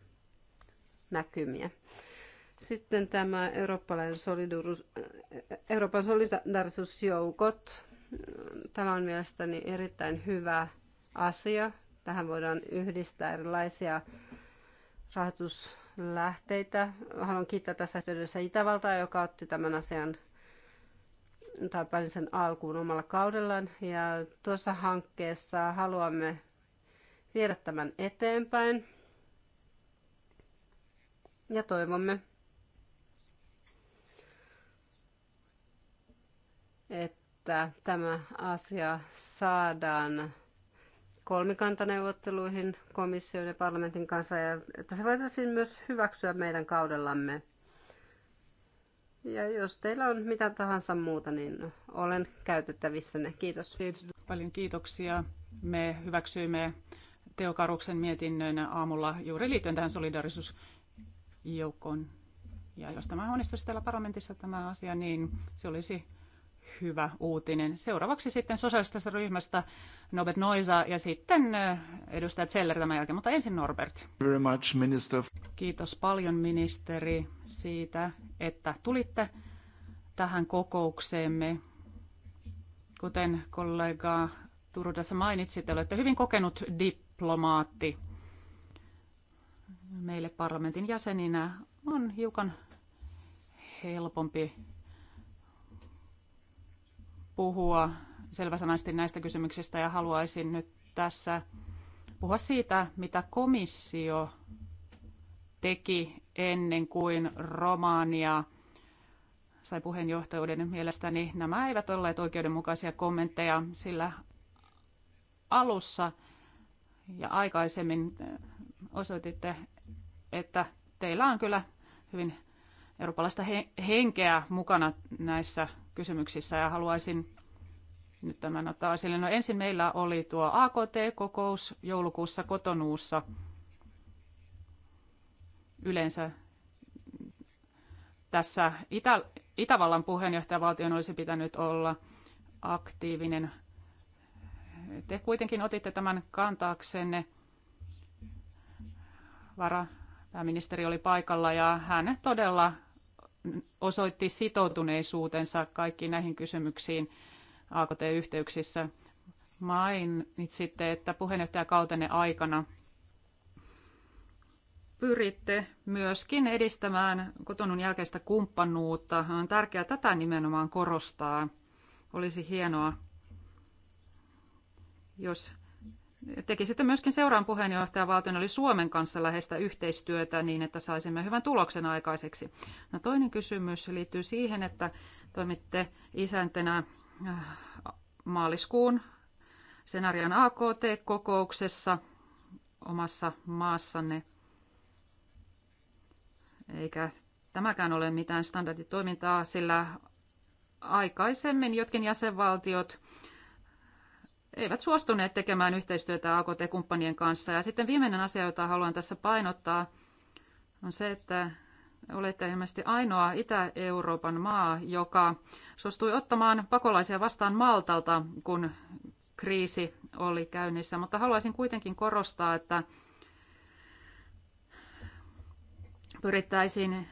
näkymiä. Sitten tämä eurooppalainen solidarus, Euroopan solidarisuusjoukot. Tämä on mielestäni erittäin hyvä asia. Tähän voidaan yhdistää erilaisia rahoituslähteitä. Haluan kiittää tässä yhteydessä Itävaltaa, joka otti tämän asian tai panin sen alkuun omalla kaudellaan. Ja tuossa hankkeessa haluamme viedä tämän eteenpäin. Ja toivomme, että tämä asia saadaan kolmikantaneuvotteluihin komission ja parlamentin kanssa ja että se voitaisiin myös hyväksyä meidän kaudellamme. Ja jos teillä on mitä tahansa muuta, niin olen käytettävissäne. Kiitos. Paljon kiitoksia. Me hyväksyimme teokaruksen mietinnön aamulla juuri liittyen tähän solidarisuusjoukkoon. Ja jos tämä onnistuisi täällä parlamentissa tämä asia, niin se olisi hyvä uutinen. Seuraavaksi sitten sosiaalisesta ryhmästä Norbert Noisa ja sitten eh, edustaja Zeller tämän jälkeen, mutta ensin Norbert. Very much, minister. Kiitos paljon ministeri siitä, että tulitte tähän kokoukseemme. Kuten kollega Turu tässä mainitsi, te olette hyvin kokenut diplomaatti. Meille parlamentin jäseninä on hiukan helpompi puhua selväsanaisesti näistä kysymyksistä ja haluaisin nyt tässä puhua siitä, mitä komissio teki ennen kuin Romania sai puheenjohtajuuden. Mielestäni nämä eivät olleet oikeudenmukaisia kommentteja, sillä alussa ja aikaisemmin osoititte, että teillä on kyllä hyvin eurooppalaista henkeä mukana näissä kysymyksissä ja haluaisin nyt tämän ottaa esille. No ensin meillä oli tuo AKT-kokous joulukuussa Kotonuussa – yleensä tässä Itä, Itävallan puheenjohtajavaltion olisi pitänyt olla aktiivinen. Te kuitenkin otitte tämän kantaaksenne. ministeri oli paikalla ja hän todella osoitti sitoutuneisuutensa kaikkiin näihin kysymyksiin AKT-yhteyksissä. Mainitsitte, että puheenjohtajakautenne aikana – pyritte myöskin edistämään kotonun jälkeistä kumppanuutta. On tärkeää tätä nimenomaan korostaa. Olisi hienoa, jos tekisitte myöskin seuraan puheenjohtajavaltion oli Suomen kanssa läheistä yhteistyötä niin, että saisimme hyvän tuloksen aikaiseksi. No, toinen kysymys liittyy siihen, että toimitte isäntänä äh, maaliskuun senarian AKT-kokouksessa omassa maassanne – eikä tämäkään ole mitään standarditoimintaa, sillä aikaisemmin jotkin jäsenvaltiot eivät suostuneet tekemään yhteistyötä AKT-kumppanien kanssa. Ja sitten viimeinen asia, jota haluan tässä painottaa, on se, että olette ilmeisesti ainoa Itä-Euroopan maa, joka suostui ottamaan pakolaisia vastaan Maltalta, kun kriisi oli käynnissä. Mutta haluaisin kuitenkin korostaa, että pyrittäisiin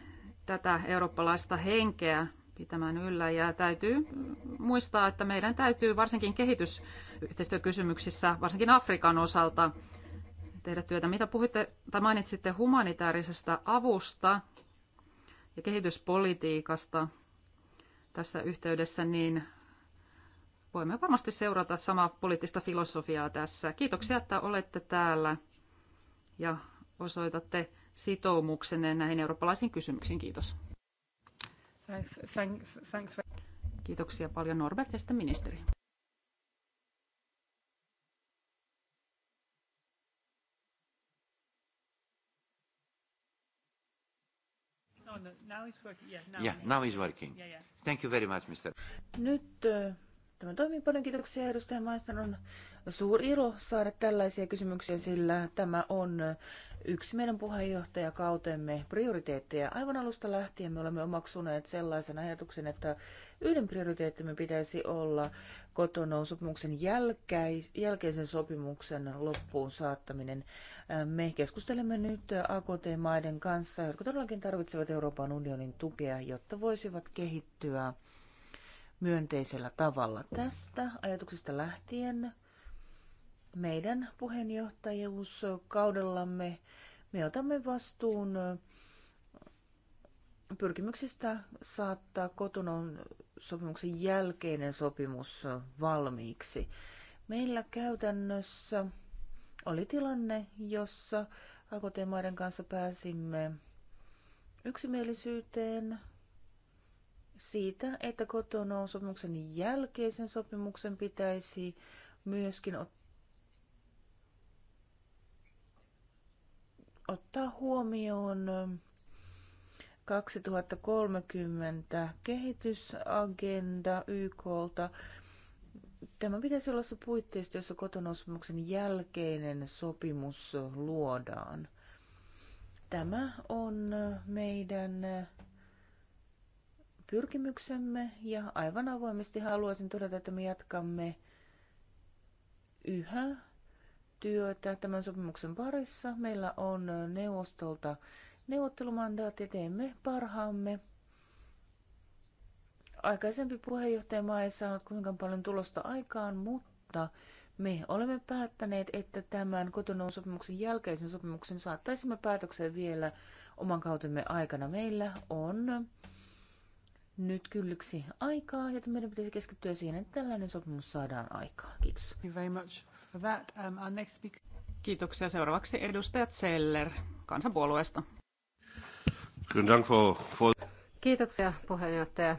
tätä eurooppalaista henkeä pitämään yllä. Ja täytyy muistaa, että meidän täytyy varsinkin kehitysyhteistyökysymyksissä, varsinkin Afrikan osalta, tehdä työtä. Mitä puhuitte tai mainitsitte humanitaarisesta avusta ja kehityspolitiikasta tässä yhteydessä, niin voimme varmasti seurata samaa poliittista filosofiaa tässä. Kiitoksia, että olette täällä ja osoitatte sitoumuksenne näihin eurooppalaisiin kysymyksiin. Kiitos. Kiitoksia paljon Norbert ja sitten ministeri. Nyt tämä toimii paljon. Kiitoksia edustaja Maistan. On suuri ilo saada tällaisia kysymyksiä, sillä tämä on yksi meidän puheenjohtajakautemme prioriteetteja. Aivan alusta lähtien me olemme omaksuneet sellaisen ajatuksen, että yhden prioriteettimme pitäisi olla kotonoon sopimuksen jälkeisen sopimuksen loppuun saattaminen. Äh, me keskustelemme nyt AKT-maiden kanssa, jotka todellakin tarvitsevat Euroopan unionin tukea, jotta voisivat kehittyä myönteisellä tavalla. Tästä ajatuksesta lähtien meidän puheenjohtajuuskaudellamme me otamme vastuun pyrkimyksistä saattaa kotonon sopimuksen jälkeinen sopimus valmiiksi. Meillä käytännössä oli tilanne, jossa AKT-maiden kanssa pääsimme yksimielisyyteen siitä, että kotonon sopimuksen jälkeisen sopimuksen pitäisi myöskin ottaa ottaa huomioon 2030 kehitysagenda YKlta. Tämä pitäisi olla se puitteisto, jossa kotonousumuksen jälkeinen sopimus luodaan. Tämä on meidän pyrkimyksemme ja aivan avoimesti haluaisin todeta, että me jatkamme yhä työtä tämän sopimuksen parissa. Meillä on neuvostolta neuvottelumandaatti, teemme parhaamme. Aikaisempi puheenjohtajamaa ei saanut kuinka paljon tulosta aikaan, mutta me olemme päättäneet, että tämän kotonon sopimuksen jälkeisen sopimuksen saattaisimme päätökseen vielä oman kautemme aikana. Meillä on nyt kylliksi aikaa, joten meidän pitäisi keskittyä siihen, että tällainen sopimus saadaan aikaan. Kiitos. Thank you very much for that. Um, our next speaker... Kiitoksia. Seuraavaksi edustajat Zeller kansanpuolueesta. Kiitoksia puheenjohtaja.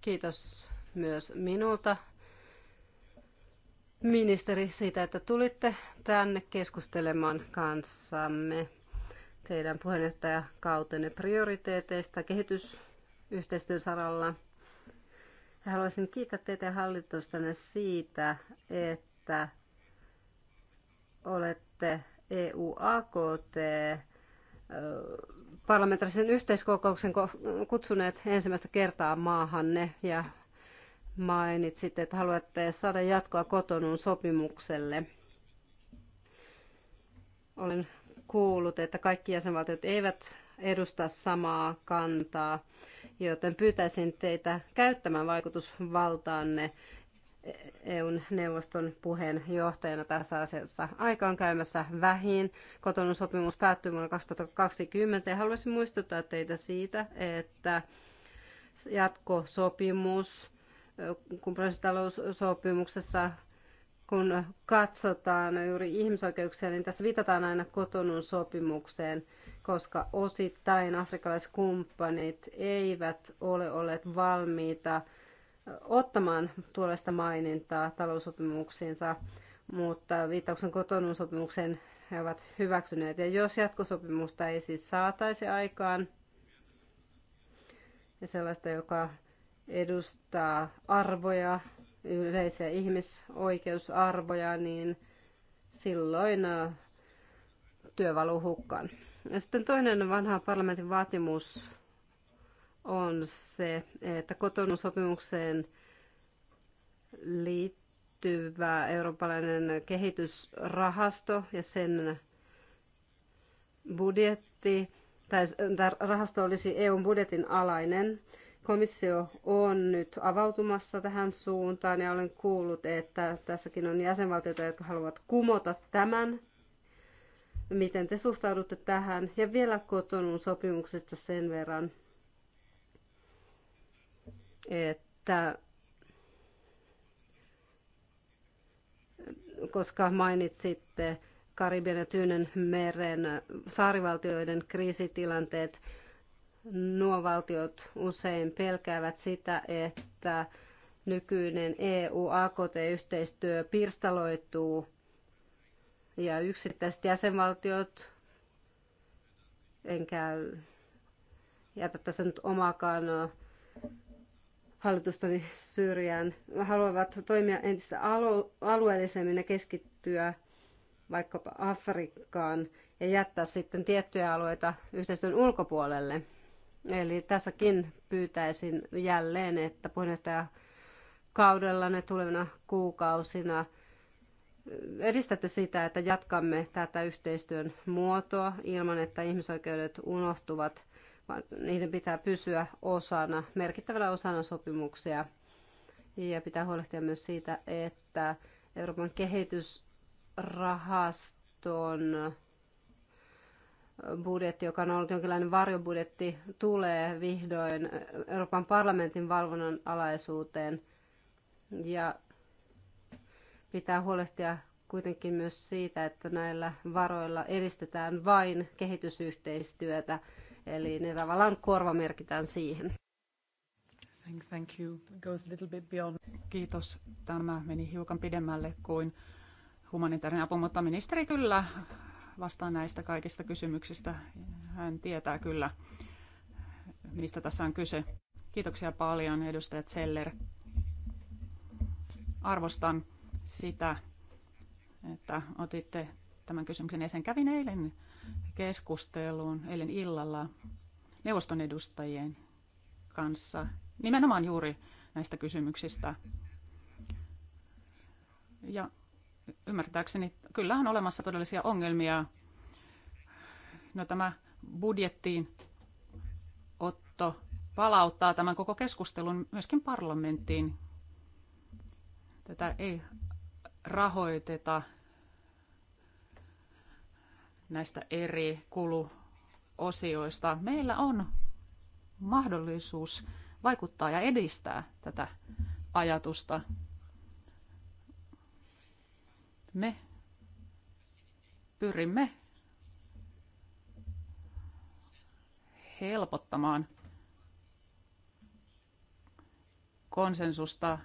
Kiitos myös minulta ministeri siitä, että tulitte tänne keskustelemaan kanssamme teidän puheenjohtajakautenne prioriteeteista kehitys yhteistyön saralla. Haluaisin kiittää teitä hallitustanne siitä, että olette EU-AKT parlamentaarisen yhteiskokouksen kutsuneet ensimmäistä kertaa maahanne ja mainitsitte, että haluatte saada jatkoa kotonun sopimukselle. Olen kuullut, että kaikki jäsenvaltiot eivät edusta samaa kantaa joten pyytäisin teitä käyttämään vaikutusvaltaanne EUn neuvoston puheenjohtajana tässä asiassa. Aika on käymässä vähin. Kotonun sopimus päättyy vuonna 2020 ja haluaisin muistuttaa teitä siitä, että jatkosopimus, kun prosessitaloussopimuksessa kun katsotaan juuri ihmisoikeuksia, niin tässä viitataan aina kotonun sopimukseen, koska osittain afrikkalaiskumppanit eivät ole olleet valmiita ottamaan tuollaista mainintaa taloussopimuksiinsa, mutta viittauksen kotonun sopimukseen he ovat hyväksyneet. Ja jos jatkosopimusta ei siis saataisi aikaan, ja sellaista, joka edustaa arvoja, yleisiä ihmisoikeusarvoja, niin silloin äh, työvalu hukkaan. Ja sitten toinen vanha parlamentin vaatimus on se, että kotonusopimukseen liittyvä eurooppalainen kehitysrahasto ja sen budjetti, tai äh, rahasto olisi EUn budjetin alainen, Komissio on nyt avautumassa tähän suuntaan ja olen kuullut, että tässäkin on jäsenvaltioita, jotka haluavat kumota tämän. Miten te suhtaudutte tähän? Ja vielä kotonun sopimuksesta sen verran, että koska mainitsitte Karibian ja Tyynen meren saarivaltioiden kriisitilanteet, nuo valtiot usein pelkäävät sitä, että nykyinen EU-AKT-yhteistyö pirstaloituu ja yksittäiset jäsenvaltiot, enkä jätä tässä nyt omaakaan hallitustani syrjään, haluavat toimia entistä alueellisemmin ja keskittyä vaikkapa Afrikkaan ja jättää sitten tiettyjä alueita yhteistyön ulkopuolelle – Eli tässäkin pyytäisin jälleen, että puheenjohtaja kaudella ne tulevina kuukausina edistätte sitä, että jatkamme tätä yhteistyön muotoa ilman, että ihmisoikeudet unohtuvat, vaan niiden pitää pysyä osana, merkittävänä osana sopimuksia. Ja pitää huolehtia myös siitä, että Euroopan kehitysrahaston budjetti, joka on ollut jonkinlainen varjobudjetti, tulee vihdoin Euroopan parlamentin valvonnan alaisuuteen. Ja pitää huolehtia kuitenkin myös siitä, että näillä varoilla edistetään vain kehitysyhteistyötä, eli ne tavallaan korvamerkitään siihen. Thank you. Goes a little bit beyond. Kiitos. Tämä meni hiukan pidemmälle kuin humanitaarinen apu, mutta ministeri kyllä vastaa näistä kaikista kysymyksistä. Hän tietää kyllä, mistä tässä on kyse. Kiitoksia paljon, edustaja Zeller. Arvostan sitä, että otitte tämän kysymyksen esiin. Kävin eilen keskusteluun, eilen illalla neuvoston edustajien kanssa, nimenomaan juuri näistä kysymyksistä. Ja ymmärtääkseni kyllähän on olemassa todellisia ongelmia. No tämä budjettiin otto palauttaa tämän koko keskustelun myöskin parlamenttiin. Tätä ei rahoiteta näistä eri kuluosioista. Meillä on mahdollisuus vaikuttaa ja edistää tätä ajatusta me pyrimme helpottamaan konsensusta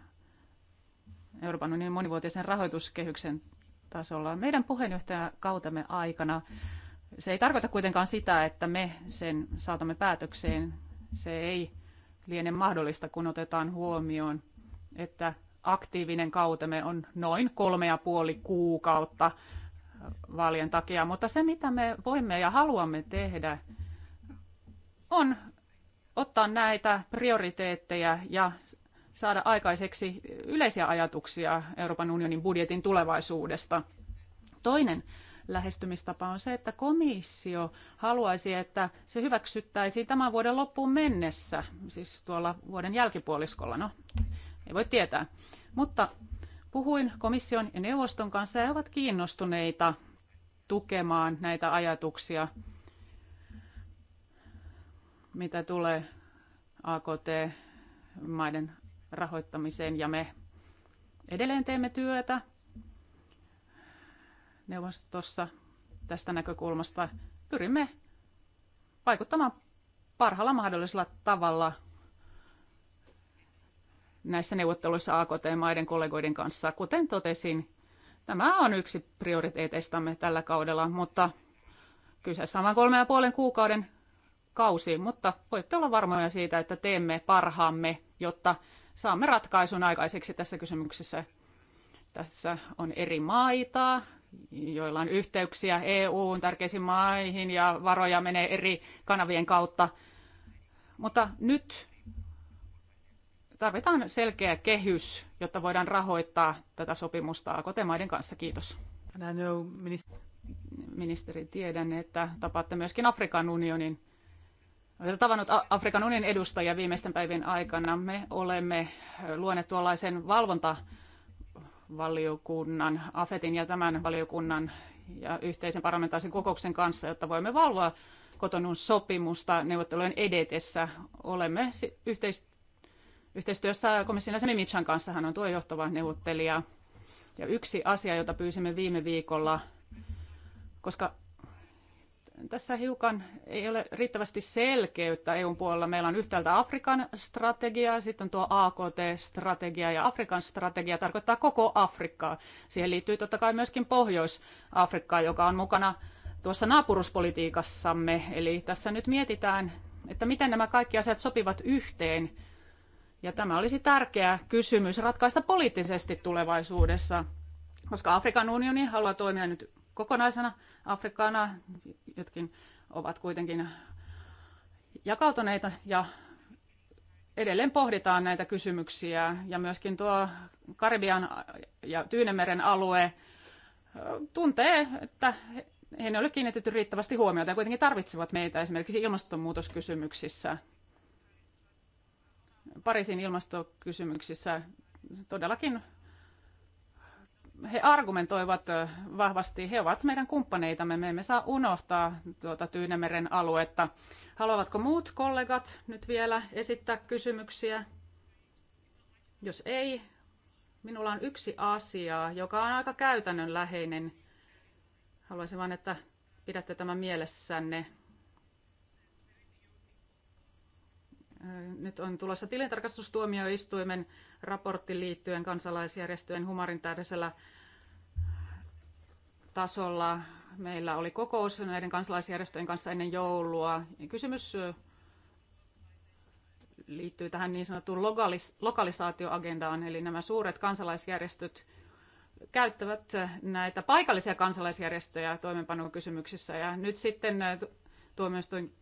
Euroopan unionin monivuotisen rahoituskehyksen tasolla. Meidän puheenjohtajakautemme aikana se ei tarkoita kuitenkaan sitä, että me sen saatamme päätökseen. Se ei liene mahdollista, kun otetaan huomioon, että aktiivinen kautemme on noin kolme ja puoli kuukautta vaalien takia, mutta se mitä me voimme ja haluamme tehdä on ottaa näitä prioriteetteja ja saada aikaiseksi yleisiä ajatuksia Euroopan unionin budjetin tulevaisuudesta. Toinen lähestymistapa on se, että komissio haluaisi, että se hyväksyttäisiin tämän vuoden loppuun mennessä, siis tuolla vuoden jälkipuoliskolla. No, ei voi tietää. Mutta puhuin komission ja neuvoston kanssa ja he ovat kiinnostuneita tukemaan näitä ajatuksia, mitä tulee AKT-maiden rahoittamiseen. Ja me edelleen teemme työtä neuvostossa tästä näkökulmasta. Pyrimme vaikuttamaan parhaalla mahdollisella tavalla näissä neuvotteluissa AKT-maiden kollegoiden kanssa. Kuten totesin, tämä on yksi prioriteeteistamme tällä kaudella, mutta kyseessä on vain kolme ja puolen kuukauden kausi, mutta voitte olla varmoja siitä, että teemme parhaamme, jotta saamme ratkaisun aikaiseksi tässä kysymyksessä. Tässä on eri maita, joilla on yhteyksiä EUn tärkeisiin maihin ja varoja menee eri kanavien kautta. Mutta nyt tarvitaan selkeä kehys, jotta voidaan rahoittaa tätä sopimusta Kotemaiden kanssa. Kiitos. Ministeri, tiedän, että tapaatte myöskin Afrikan unionin Olen tavannut Afrikan unionin edustajia viimeisten päivien aikana. Me olemme luoneet tuollaisen valvontavaliokunnan, AFETin ja tämän valiokunnan ja yhteisen parlamentaarisen kokouksen kanssa, jotta voimme valvoa kotonun sopimusta neuvottelujen edetessä. Olemme yhteistyössä Yhteistyössä komission jäsen Mitchan kanssa hän on tuo johtava neuvottelija. Ja yksi asia, jota pyysimme viime viikolla, koska tässä hiukan ei ole riittävästi selkeyttä EUn puolella. Meillä on yhtäältä Afrikan strategia, sitten tuo AKT-strategia ja Afrikan strategia tarkoittaa koko Afrikkaa. Siihen liittyy totta kai myöskin Pohjois-Afrikkaa, joka on mukana tuossa naapuruspolitiikassamme. Eli tässä nyt mietitään, että miten nämä kaikki asiat sopivat yhteen ja tämä olisi tärkeä kysymys ratkaista poliittisesti tulevaisuudessa, koska Afrikan unioni haluaa toimia nyt kokonaisena Afrikana, jotkin ovat kuitenkin jakautuneita ja edelleen pohditaan näitä kysymyksiä ja myöskin tuo Karibian ja Tyynemeren alue tuntee, että he ei ole kiinnitetty riittävästi huomiota ja kuitenkin tarvitsevat meitä esimerkiksi ilmastonmuutoskysymyksissä. Pariisin ilmastokysymyksissä todellakin he argumentoivat vahvasti, he ovat meidän kumppaneitamme, me emme saa unohtaa tuota Tyynemeren aluetta. Haluavatko muut kollegat nyt vielä esittää kysymyksiä? Jos ei, minulla on yksi asia, joka on aika käytännönläheinen. Haluaisin vain, että pidätte tämän mielessänne. Nyt on tulossa tilintarkastustuomioistuimen raportti liittyen kansalaisjärjestöjen humanitaarisella tasolla. Meillä oli kokous näiden kansalaisjärjestöjen kanssa ennen joulua. Kysymys liittyy tähän niin sanottuun lokalis- lokalisaatioagendaan, eli nämä suuret kansalaisjärjestöt käyttävät näitä paikallisia kansalaisjärjestöjä toimeenpanokysymyksissä. Ja nyt sitten tuomioistuin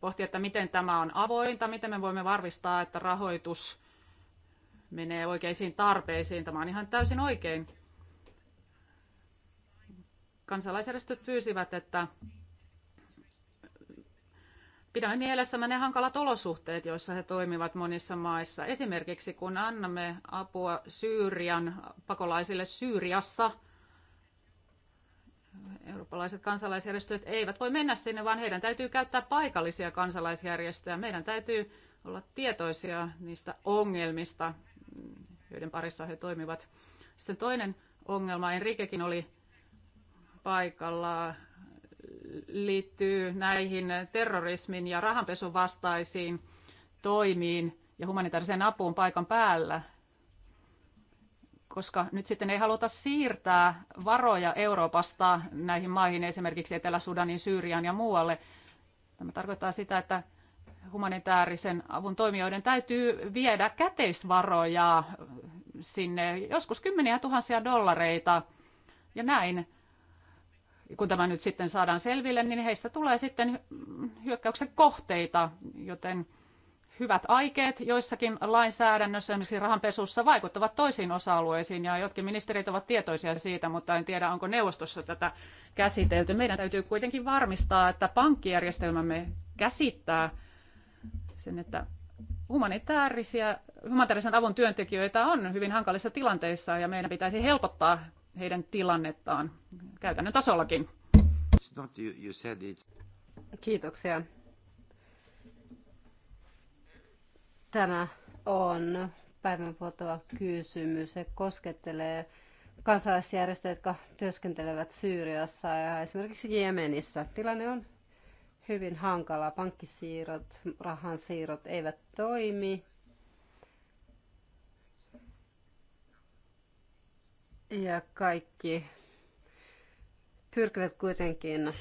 pohtia, että miten tämä on avointa, miten me voimme varmistaa, että rahoitus menee oikeisiin tarpeisiin. Tämä on ihan täysin oikein. Kansalaisjärjestöt pyysivät, että pidämme mielessämme ne hankalat olosuhteet, joissa he toimivat monissa maissa. Esimerkiksi kun annamme apua Syyrian pakolaisille Syyriassa – eurooppalaiset kansalaisjärjestöt eivät voi mennä sinne, vaan heidän täytyy käyttää paikallisia kansalaisjärjestöjä. Meidän täytyy olla tietoisia niistä ongelmista, joiden parissa he toimivat. Sitten toinen ongelma, Enrikekin oli paikalla, liittyy näihin terrorismin ja rahanpesun vastaisiin toimiin ja humanitaariseen apuun paikan päällä koska nyt sitten ei haluta siirtää varoja Euroopasta näihin maihin, esimerkiksi Etelä-Sudanin, Syyrian ja muualle. Tämä tarkoittaa sitä, että humanitaarisen avun toimijoiden täytyy viedä käteisvaroja sinne, joskus kymmeniä tuhansia dollareita ja näin. Kun tämä nyt sitten saadaan selville, niin heistä tulee sitten hyökkäyksen kohteita, joten hyvät aikeet joissakin lainsäädännössä, esimerkiksi rahanpesussa, vaikuttavat toisiin osa-alueisiin ja jotkin ministerit ovat tietoisia siitä, mutta en tiedä, onko neuvostossa tätä käsitelty. Meidän täytyy kuitenkin varmistaa, että pankkijärjestelmämme käsittää sen, että humanitaarisia, humanitaarisen avun työntekijöitä on hyvin hankalissa tilanteissa ja meidän pitäisi helpottaa heidän tilannettaan käytännön tasollakin. Kiitoksia. Tämä on päivänpotova kysymys. Se koskettelee kansalaisjärjestöjä, jotka työskentelevät Syyriassa ja esimerkiksi Jemenissä. Tilanne on hyvin hankala. Pankkisiirrot, rahansiirrot eivät toimi. Ja kaikki pyrkivät kuitenkin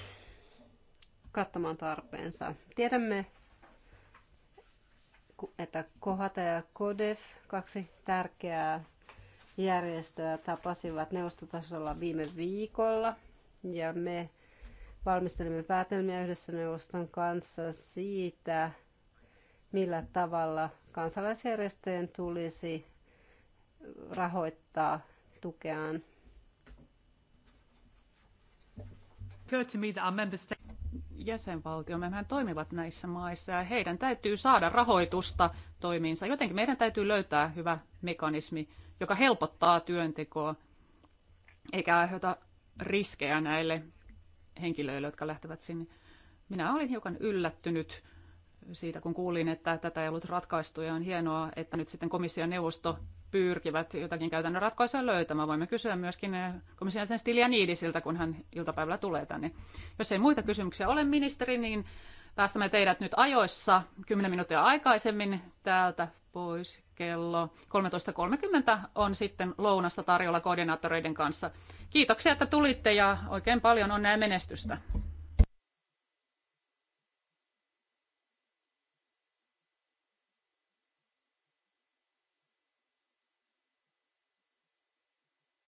kattamaan tarpeensa. Tiedämme että Kohata ja Kodef, kaksi tärkeää järjestöä, tapasivat neuvostotasolla viime viikolla. Ja me valmistelimme päätelmiä yhdessä neuvoston kanssa siitä, millä tavalla kansalaisjärjestöjen tulisi rahoittaa tukeaan. to me that our jäsenvaltio, hän toimivat näissä maissa ja heidän täytyy saada rahoitusta toimiinsa. Jotenkin meidän täytyy löytää hyvä mekanismi, joka helpottaa työntekoa eikä aiheuta riskejä näille henkilöille, jotka lähtevät sinne. Minä olin hiukan yllättynyt siitä, kun kuulin, että tätä ei ollut ratkaistu ja on hienoa, että nyt sitten komission neuvosto pyrkivät jotakin käytännön ratkaisua löytämään. Voimme kysyä myöskin eh, komission sen Niidisiltä, kun hän iltapäivällä tulee tänne. Jos ei muita kysymyksiä ole, ministeri, niin päästämme teidät nyt ajoissa 10 minuuttia aikaisemmin täältä pois. Kello 13.30 on sitten lounasta tarjolla koordinaattoreiden kanssa. Kiitoksia, että tulitte ja oikein paljon onnea ja menestystä.